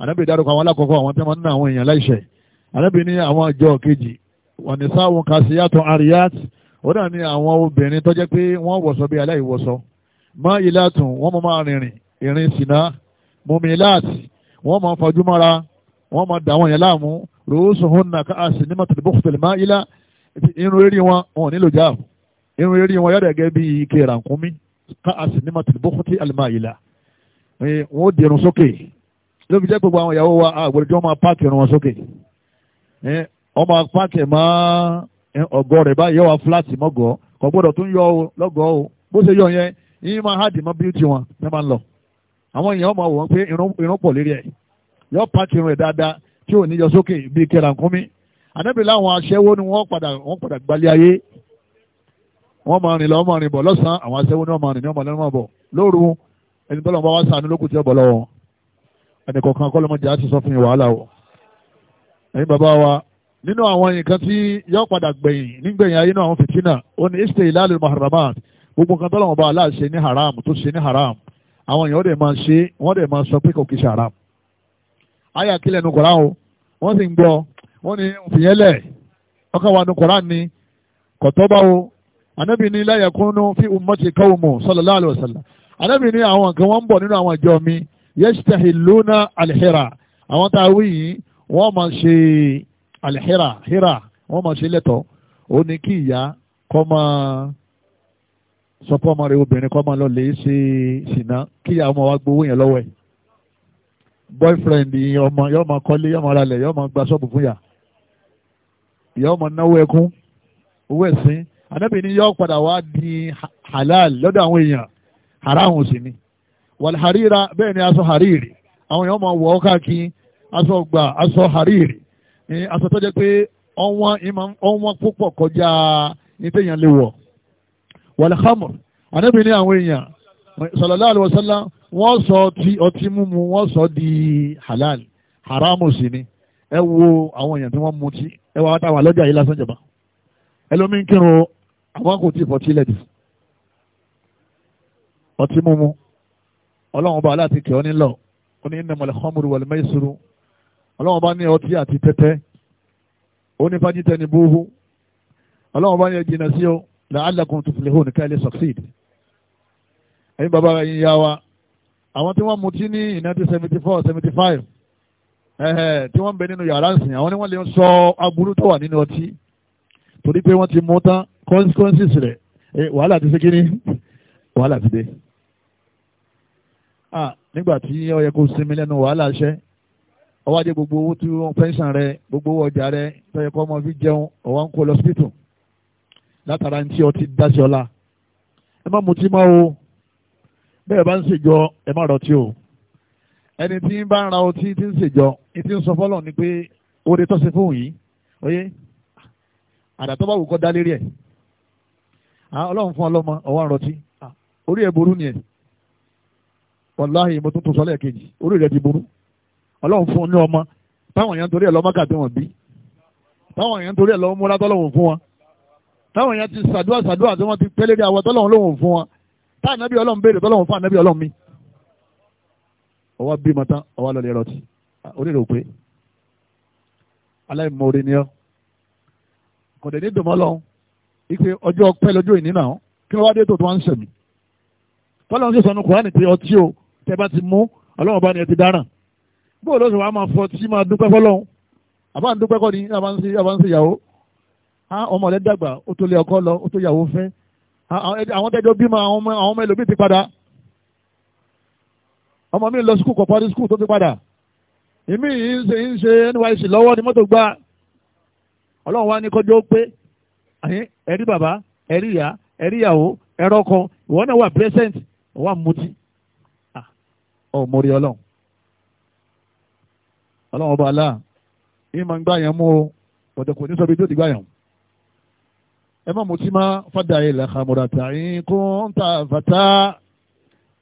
anabi dárúkọ àwọn alákọ̀ọ́kọ́ àwọn tí wọ́n ń ná àwọn èèyàn láìṣẹ̀ anabi ní àwọn ìjọ kejì wọn ní sáwọn kàṣí yàtọ̀ ariat ó dà ní àwọn obìnrin tó jẹ́ pé wọ́n wọ̀sọ bí aláìwọ̀sọ má ìlàtún wọ́n mọ máa rìnrìn ìrìn sìnà mumilat wọ́n mọ fọjú mọ́ra wọ́n mọ dàwọn yẹn láàmú rúùsùn hùn nàkà àsìnímọ̀tò irun eré wọn wọn ò nílò jáàbù irun eré wọn yọ̀dọ̀ gẹ́gẹ́ bí ike ìrànkúnmí ká a sì ní ma tìlú bókútì alimáyìlá wọn ó dẹrun sókè ló fi jẹ́ gbogbo àwọn ìyàwó wa àgbẹ̀rẹ̀ tí wọ́n máa páàkì irun wọn sókè wọ́n máa páàkì mọ́ ọ̀gọ́ rẹ̀ báyìí yọ wá fúláàtì mọ́gọ́ kò gbọ́dọ̀ tún yọ lọ́gọ́ o bó ṣe yọ yẹn yín máa hádìí mọ́ bíútì wọn ní máa ń lọ àwọn èèyàn máa wọ̀ pé irun pọ̀ lérí ẹ̀ yọ páàkì irun rẹ̀ dáadáa tí ò ní yọ sókè bíi kẹrànkúnmí ànábì láwọn aṣẹ́wó ni wọ́n padà wọ́n padà gbalẹ̀ ayé wọ́n máa rìn lọ wọ́n máa rìn bọ̀ lọ́sàn-án àwọn aṣẹ́wó ni wọ́n máa rìn ní ọmọ lẹ́nu máa bọ̀ lóru ẹni tọ́lọ́ bá wá sànú lókù tí ó bọ̀ lọ́wọ́ ẹnì kọ̀ọ̀kan kọ́ lọ́mọdé á ti sọ fún yín wàhálà o ẹ̀yin bàbá wa nínú àwọn nǹkan tí yọ padà gbẹ̀yìn nígbẹ̀yìn ayé náà àwọn fìtínà ó ní ìṣe ìlàlẹ̀ maharamat gbogbo nǹkan tọ́lọ́wọ́n bá aláà ṣe ní haram tó ṣe ní haram àwọn èèyàn dẹ̀ máa ṣe wọ́n dẹ̀ máa sọ pé kò kì ṣe haram. ayé àkílẹ̀ nu kọ̀ọ̀rán o wọ́n sì ń gbọ́ wọ́n ní fìyẹ́lẹ̀ ọkàn wa nu koran ni kọ̀tọ́bá o anábì ní la yakunu fi ummati qawmun sallallahu alaihi wasallam anábì ní àwọn nǹkan wọ́n ń bọ̀ nínú àwọn ìjọ mi yastahiluna alhira àwọn tá a wí yìí wọ́n máa ṣe alhira hira wọ́n máa ṣe lẹ́tọ̀ọ́ ó ní kí ìyá kọ́ máa sọ fún ọmọ rẹ̀ obìnrin kọ́ máa lọ lè ṣe ṣìnà kí ìyá ọmọ wa gbowó yẹn lọ́wọ́ ẹ̀ boyfriend ọmọ yóò máa kọ́lé yóò máa ralẹ̀ yóò máa gba ṣọ́ọ̀bù fún yàrá ìyá ọmọ náwó ẹkún owó ẹ̀sìn anábì ní yọ padà wá di halal lọ́dọ̀ àwọn èèyàn haramu sì ni wàlhàríra bẹ́ẹ̀ ni aṣọ hariri àwọn èèyàn máa wọ̀ ọ́ káàkiri aṣọ gbà aṣọ hariri aṣọ tó jẹ́ pé ọwọ́n púpọ̀ kọjá ní téèyàn lè wọ̀ wàlhàmùr anábì ní àwọn èèyàn sallallahu alaihi wasallam wọ́n sọ ọtí mímu wọ́n sọ di halal haramu sì ni ẹ wo àwọn èèyàn tí wọ́n mutí ẹ wá táwa lọ́jà yìí lásán jẹ̀mọ́ ẹlòmí ń kírun àwọn kò tí ì fọtí lẹ̀ dì ọtí mímu ọlọ́run bá aláàtí kẹ́ ọ nílọ ó ní innamal khamru wal maisiru ọlọ́run bá ní ọtí àti tẹ́tẹ́ ó ní fájítẹ́ni búhú ọlọ́run bá ní ẹ jìnnà sí o la'allakum tuflihun nìkan ilé succeed ẹ̀yin bàbá ẹ̀yin yá wa àwọn tí wọ́n mutí ní nineteen seventy four seventy five tí wọ́n ń bẹ nínú yàrá ìsìn àwọn ni wọ́n lè sọ aburú tó wà nínú ọtí torí pé wọ́n ti mú tán consequences rẹ̀ wàhálà ti ṣe kí ni wàhálà ti dé. Ah, nígbà tí ó yẹ kó sinmi lẹ́nu wàhálà ṣẹ́ ọwọ́ ajé gbogbo owó tí wọ́n pẹ́ńsàn rẹ gbogbo owó ọjà rẹ tó yẹ kó ọmọ fi jẹun ọwọ́ ń kó lọ sípítù látara ní tí ọtí dáṣọlá ẹ má mutí mọ́ o bẹ́ẹ̀ bá ń ṣèjọ ẹ má rọtí o ẹni tí ń bá ń ra ọtí tí ń ṣèjọ tí ń sọ fọ́lọ̀ ni pé oore tó ṣe fóun yìí oyé àdàtọ́ bá wù kọ́ dá lérí ẹ̀ ọlọ́run fún ọlọ́mọ ọwọ́ àrọ̀tí orí ẹ̀ burú nìyẹn wàláhì mo tún tún sọ lẹ́ẹ̀kejì orí rẹ̀ ti burú ọlọ́run fún ní ọmọ táwọn èèyàn torí ẹ̀ lọ́mọ kàtí wọn bí táwọn èèyàn torí ẹ̀ lọ́mọ múra tọ́lọ́hún fún wọn táwọn èèyàn ti ṣàdúrà ṣàdúrà tí wọ́n ti pẹ́ lérí àwọ̀ tọ́lọ́hún lóhùn fún wọn táà nábì ọlọ́run béèrè tọ́lọ́hún fún ànábì ọlọ́run mi ọwọ́ bímọ tán ọwọ́ lọ́lẹ̀ rọtì onírò pé aláìmoore ni ọ kọ̀dẹ̀ ní dùnmọ́ lọ́hún ipe ọjọ́ pẹ́ lọ́jọ́ ìní náà kí wọ́n wá dé tó tó wá ń sẹ̀mí tọ́lá ń sọ̀nù kùránì tí ọtí o tẹ́ bá ti mú ọlọ́run bá ní ẹ ti dáràn bó ló sì wá máa fọ tí máa dúpẹ́ fọlọ́hún àbá ń dúpẹ́ kọ́ ni àbáǹsí ìyàwó ọmọ rẹ̀ ó tó lé ọkọ lọ ó tó yàwó fẹ́ àwọn tẹ́jọ́ bímọ àwọn ọmọ ẹlòmíì ti padà ọmọ mi lọ skul kọ parí skul tó fi padà èmi yìí ń ṣe ń ṣe nysc lọ́wọ́ ni mọ́tò gbá ọlọ́run wa ní kọjọ́ pé ẹ̀rí bàbá ẹ̀rí ìyá ẹ̀rí ìyàwó ẹ̀rọ kan ìwọ náà wà present wà mutí ah, ọmọrí ọlọ́run ọlọ́run ọba aláà yìí máa ń gbá yẹn mú o ọ̀dọ̀ kò ní sọ bí tó ti gbá yẹn ẹ má mutí má fàdà ilẹ̀ àmọ̀ràtà yín kó ń ta fàtà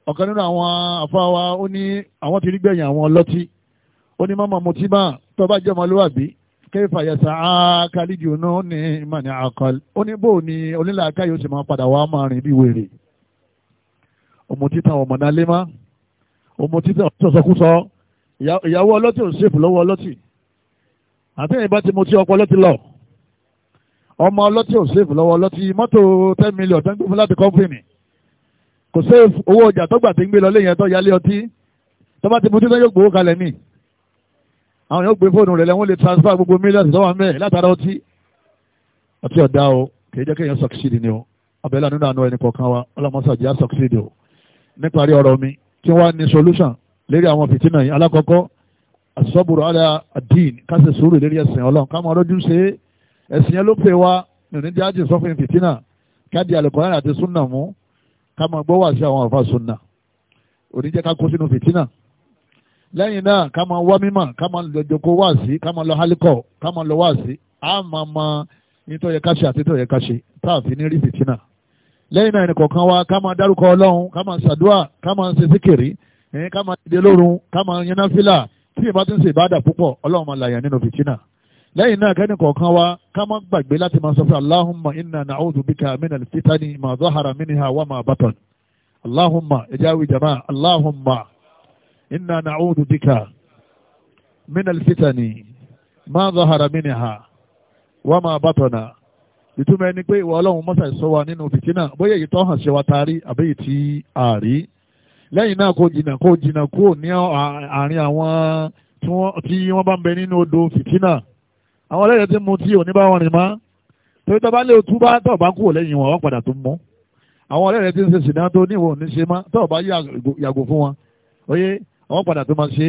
ọ̀kan nínú àwọn àfáwa ó ní àwọn ti rí gbẹ̀yìn àwọn ọlọ́tí ó ní mọ́mọ́ mo ti bá tó bá jẹ́ ọmọlúwàbí kéfà yẹsà á kálídì ònà ó ní ìmọ̀ni àkọl ó ní bò ní onílàáká yóò sì máa padà wá máa rìn bí wèrè ọmọ títà ọmọ nálé má ọmọ títà sọsọkúsọ ìyàwó ọlọ́tí ò ṣèfù lọ́wọ́ ọlọ́tí àtẹ̀yìn bá ti mo ti ọkọ ọlọ́tí lọ ọmọ ọlọ́tí ò ṣèfù lọ́wọ́ ọlọ́tí mọ́tò ten million tó ń gbé fún láti kò sí owó ọjà tọ́gbà tí ń gbé lọlé yẹn tó yálé ọtí tọ́ba ti mutí náà yóò gbowó kalẹ̀ ní àwọn yóò gbé fóònù rẹ̀ lẹ́wọ́n lè transfer gbogbo mílíọ̀nù tọ́wọ́ mẹ́ẹ̀ látara ọtí ọtí ọ̀dá o kì í jẹ́ kéèyàn succeed ni o abẹ́lẹ́ nínú àánú ẹni kọ̀ọ̀kan wa ọlọ́mọsàjì á succeed o níparí ọ̀rọ̀ mi tí wọ́n ní solution lérí àwọn fìtínà yìí alákọ̀ọ́kọ́ asọ́bùrù ala adin kásẹ̀ sùúrù lérí ẹ̀sìn ọlọ́run káwọn ọlọ́jú ṣe é ẹ̀sìn yẹn ló pè wá nìyẹn jáde sọ́fìn fìtínà ká máa gbọ́ wà sí àwọn àfa sunna oníjẹ́ ká kó sínú fìtínà lẹ́yìn náà ká máa wá mímọ̀ ká máa lọ jòkó wá sí ká máa lọ hálíkọ̀ ká máa lọ wá sí á máa mọ nítorí yẹ ṣe àti nítorí yẹ ṣe tá a fi ní rí fìtínà lẹ́yìn náà ẹnìkọ̀ọ̀kan wa ká máa dárúkọ ọlọ́run ká máa ṣàdúrà ká máa ṣe síkìrì ká máa dìde lórun ká máa yan náfìlà tí ìbá ti ń ṣe ìbádà púpọ̀ ọlọ́run máa làyàn nínú fìtínà lẹ́yìn náà kẹ́ni kọ̀ọ̀kan wa ká má gbàgbé láti máa sọ pé aláhùnmá iná nàáhùn bíkà fitani mà zọ́hara mí ha wà máa bàtàn aláhùnmá ẹja wí jama aláhùnmá iná nàáhùn bíkà mí nàlẹ́ fitani mà zọ́hara mí ha wà máa bàtàn ìtumọ̀ ẹni pé ìwà ọlọ́run mọ́sà wa nínú bóyá a lẹ́yìn náà kò jìnnà àwọn ọlẹ́yẹ ti mu tí òní bá wọn rìn mọ́ torí tọ́ bá lé otú bá tọ́ bá ń kúrò lẹ́yìn wọn wọ́n padà tó mú àwọn ọlẹ́yẹ ti ń ṣe sìnà tó níwọ̀n ní ṣe mọ́ tọ́ bá yàgò fún wọn oyè wọ́n padà tó máa ṣe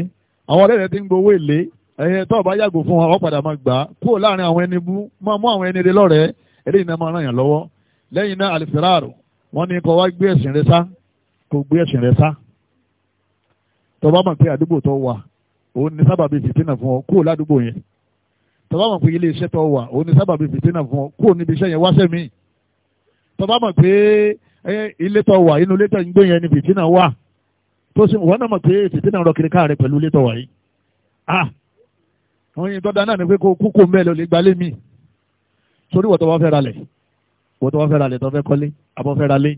àwọn ọlẹ́yẹ ti ń gbowó èlé ẹ̀yẹ tọ́ bá yàgò fún wọn wọ́n padà máa gbà kúrò láàrin àwọn ẹni bú máa mú àwọn ẹni rẹ lọ́rẹ̀ẹ́ eléyìí náà máa tọ́ba mọ̀ pé ilé iṣẹ́ tó wà òun ni sábàbí fìtínà fún ọ kúrò níbi iṣẹ́ yẹn wáṣẹ́ mi tọ́ba mọ̀ pé ilé tó wà inú ilé tó ń gbé yẹn ni fìtínà wà tó sì wọ́n náà mọ̀ pé fìtínà rọ kiri káàrẹ̀ pẹ̀lú ilé tó wà yìí ah àwọn yìí tọ́da náà ni pé kó kúkú mẹ́lẹ̀ lè gbalé mi sórí wọ́n tó bá fẹ́ ra lẹ̀ wọ́n tó bá fẹ́ ra lẹ̀ tó fẹ́ kọ́lé àbọ̀ fẹ́ ra lé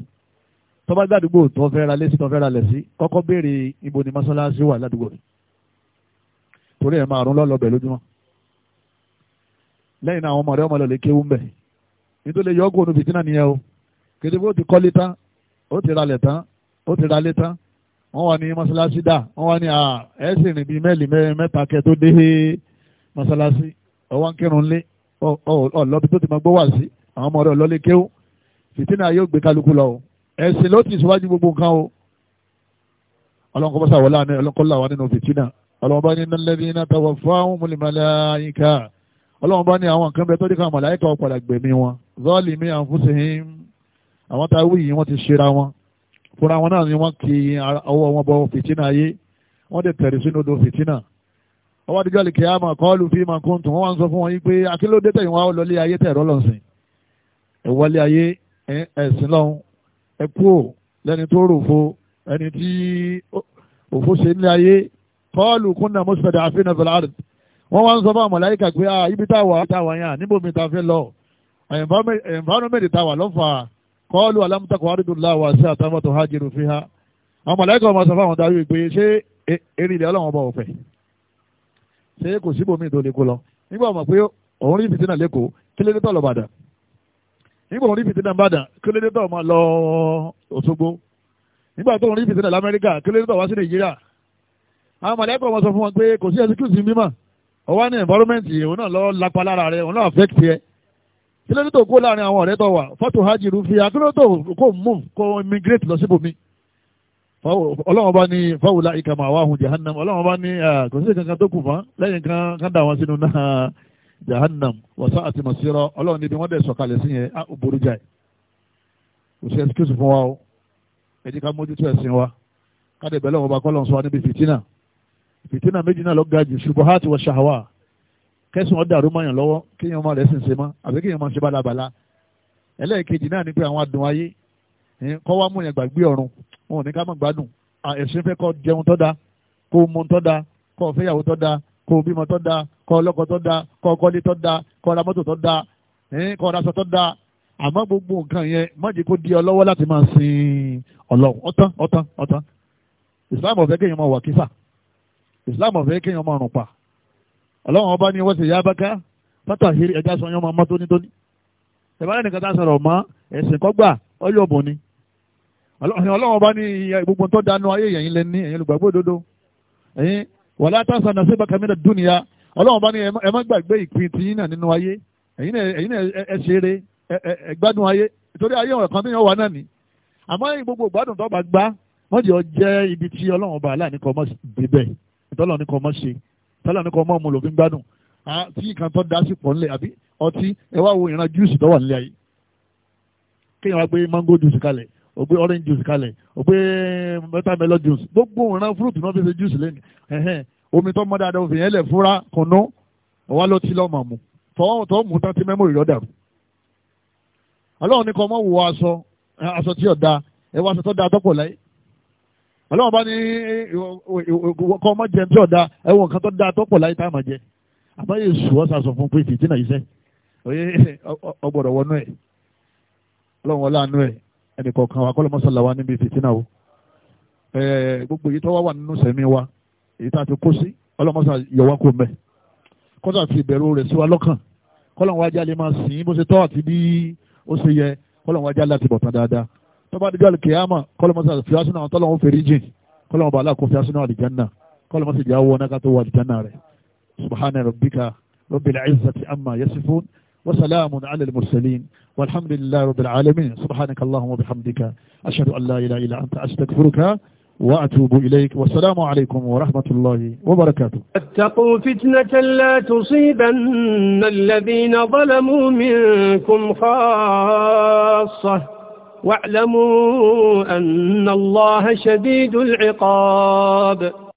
tó gbàdúgbò tó fẹ́ lé sí tó fẹ́ lẹ̀ sí kọ́kọ́ béèrè ibo ni mọ́sálásí wà ládùúgbò torí ẹ̀ máa rún lọ́lọ́bẹ̀ lójúmọ́ lẹ́yìn náà àwọn ọmọ rẹ ọmọ lọ́lẹ̀ kéwú mbẹ̀ nítorí yọ ọgùn ònú fìtínà nìyẹn o kété bó ti kọ́lé tán ó ti ralẹ̀ tán ó ti ralé tán wọ́n wà ní mọ́sálásí dà wọ́n wà ní ẹ̀sìn rìn bíi mẹ́ẹ̀lì mẹ́ta kẹ́ tó dé mọ́sálásí ọwọ́ ń kírun lé ọlọ́bi tó ti máa gbówà sí àwọn ọmọ rẹ ọlọ́lẹ̀ kéwú fìtínà yóò gbé kálukú lọ o ẹ̀sìn ló ti síwájú gbogbo nǹkan o ọlọ́nkọ́ bọ́sà wọlé ọlọ́nkọ́ làwọn nínú fìtínà ọlọ́wọ́n bá ní ọlọ́run bá ní àwọn nǹkan bẹ tó dé káwọn màláìka ọ̀padà gbẹ̀mí wọn zọ́ọ̀lì mi àǹfùsìn àwọn tá a wí yìí wọ́n ti ṣera wọn fúnra wọn náà ni wọ́n kì í ọwọ́ wọn bọ fìtínà ayé wọ́n dẹ̀ tẹ̀rí sínú odò fìtínà ọwọ́ àdìjọ́ lè kí á máa kọ́ọ̀lù fí máa kún tún wọ́n wá ń sọ fún wọn yìí pé akílódé tẹ̀yìn wá lọlé ayé tẹ̀rọ lọ́sìn ìwọlé ayé ẹ̀sìn lọ́hún ẹ kúrò lẹ́ni tó ròfo ẹni tí òfó ṣe nílé ayé kọ́ọ̀lù kúnnà mọ́sífẹ̀dà àfihàn fẹ́lá wọ́n wá ń sọ fún àwọn màláíkà pé ah ibi tá a wà tá a wà yàn níbo mi ta fẹ́ lọ environment tá a wà lọ́fà kọ́ọ̀lù alámútakọ̀ àrídùnlá wà sí àtàwọn tó hajiru fiha àwọn màláíkà wọn sọ fún àwọn darí pé ṣé eré ilẹ̀ ọlọ́wọ́n bọ̀ ọ̀fẹ́ ṣé kò síbòmí tó lè kó lọ nígbà wọn pé òun rí fìtínà lẹ́kọ̀ọ́ kí lè tọ̀ lọ nígbà wọn rí fìtínà ọwọ́ ní environment yìí òun náà lọ́ọ́ lapa lára rẹ̀ òun náà affect yẹ kí ló dé tó kó láàrin àwọn ọ̀rẹ́ tó wà fọ́tò hajj rufi kí ló dé kó move kó immigrate lọ síbòmí ọlọ́wọ́n bá ní fáwọlá ìkàmà àwáhùn jahannam ọlọ́wọ́n bá ní kò sí kankan tó kù fún lẹ́yìn kan kan dà wọ́n sínú náà jahannam wọ́sá àti màsírọ́ ọlọ́wọ́n níbi wọ́n dẹ̀ sọ̀kalẹ̀ sí yẹn burú jáì kò sí excuse fún wa o ẹ̀dí ká mójútó ẹ̀sìn wa ká dẹ̀ bẹ́ẹ̀ lọ́wọ́ bá kọ́ lọ́n sọ wa níbi fìtínà fìtínà méjì náà lọ ga jù ṣubuhati wa ṣahawa kẹsùn ọ̀dà àrùmọ̀yàn lọ́wọ́ kéèyàn ọmọ rẹ̀ sì ń ṣe mọ́ àbí kéèyàn máa ṣe bálabàla ẹlẹ́ẹ̀kejì náà ni pé àwọn adùn ayé kọ́ wá mú yẹn gbàgbé ọ̀run wọn ò ní ká má gbádùn ẹ̀sìn fẹ́ kó jẹun tó dáa kó mu tó dáa kó fẹ́yàwó tó dáa kó bímọ tó dáa kó ọlọ́kọ tó dáa kó kọ́lé tó dáa kó ra mọ́tò tó dáa ra aṣọ tó àmọ́ gbogbo nǹkan yẹn má jẹ́ kó di ọ láti máa sin Ọlọ́run ọ̀tán ọ̀tán ọ̀tán ìsìlámù ọ̀fẹ́ kéèyàn máa wà kísà islam ọ̀fẹ́ kéèyàn máa rùn pa ọlọ́run ọba ní wọ́n ṣe yá bákà pátá àṣírí ẹja sọ yẹn máa mọ́ tónítóní ìbára nìkan tá a sọ̀rọ̀ mọ́ ẹ̀sìn kọ́gbà ọlọ́ọ̀bùn ni ọlọ́run ọba ní gbogbo tó dánú ayé yẹ̀yìn lẹ́ni ẹ̀yin olùgbàgbọ́ òdodo ẹ̀yin wàlá tásà náà sí bàkà mìíràn dúnìyà ọlọ́run ọba ní ẹ má gbàgbé ìpín tiyín náà nínú ayé ẹ̀yin náà ẹ ṣeré ẹ gbádùn ayé torí ayé ọ̀rọ̀ kan tó yàn wà náà ni àmọ́ gbogbo ìgbádùn tó bá gbá wọ́n jẹ́ ibi tí ọlọ́run ọba aláàánú kọ́ mọ́ bíbẹ̀ tọ́lọ̀ ní kò mọ́ ṣe tọ́lọ̀ ní kò mọ́ mu lò fi ń gbádùn tí nǹkan tó dá sí pọ̀ ńlẹ̀ àbí ọtí ẹ wá wo ìran júùsì tó wà nílẹ̀ ayé kéèyàn wá gbé mango juice kalẹ̀ o gbé orange juice kalẹ̀ o gbé watermelon juice gbogbo ìran fruit náà fi ṣe juice lẹ́nu ẹ̀hẹ́n omi tó mọ́ dáadáa òfin yẹn lẹ̀ fúra kùnú ọ̀wá ló ti lọ́mọ̀ mu fọwọ́ tó mú tán tí mẹ́mórì lọ́dà rú ọlọ́run ní kọ́ mọ́ wo aṣọ aṣọ tí ọ̀dà ẹ wá aṣọ tó dáa tọ́pọ̀ láyé ọlọ́run bá ní kọ́ ọmọ jẹun tí ọ̀dà ẹ̀wọ̀n kan tó da tọ́pọ̀ láyé tá a máa jẹ àbáyé èṣù ọ̀sà sọ fún pé fìtínà yìí sẹ́ oyè ọgbọ̀dọ̀ wọnú ẹ̀ ọlọ́run wọlé àánú ẹ̀ ẹnì kọ̀ọ̀kan wa kọ́ lọ́mọ́sálà wa níbi fìtínà o gbogbo èyí tó wá wà nínú sẹ̀mí wa èyí tá a ti kó sí ọlọ́mọ́sà yọ wá kó mẹ́ kọ́sà ti bẹ̀rù rẹ̀ sí wa lọ́kàn kọ́lọ́run wájà lè máa sìn bó ṣe tọ́ àti bí ó ṣe yẹ kọ́lọ́run wájà láti bọ̀ tán dáadáa tọ́ba dídí àlùkè àmà kọ́lọ́mọ́sá fi asúnà àwọn tọ́lọ́wọ́n fèrè jìn kọ́lọ́mọ́ bàálà kò fi asúnà àlìjánná kọ́lọ́mọ́ sì jáwọ́ náà ká tó wọ àlìjánná rẹ̀ subhana rabbika rabbil izzati amma yasifun wa salamun ala mursalin walhamdulillahi rabbil alamin subhanaka allahumma bihamdika ashhadu an la ilaha anta astaghfiruka وأتوب إليك والسلام عليكم ورحمة الله وبركاته اتقوا فتنة لا تصيبن الذين ظلموا منكم خاصة واعلموا أن الله شديد العقاب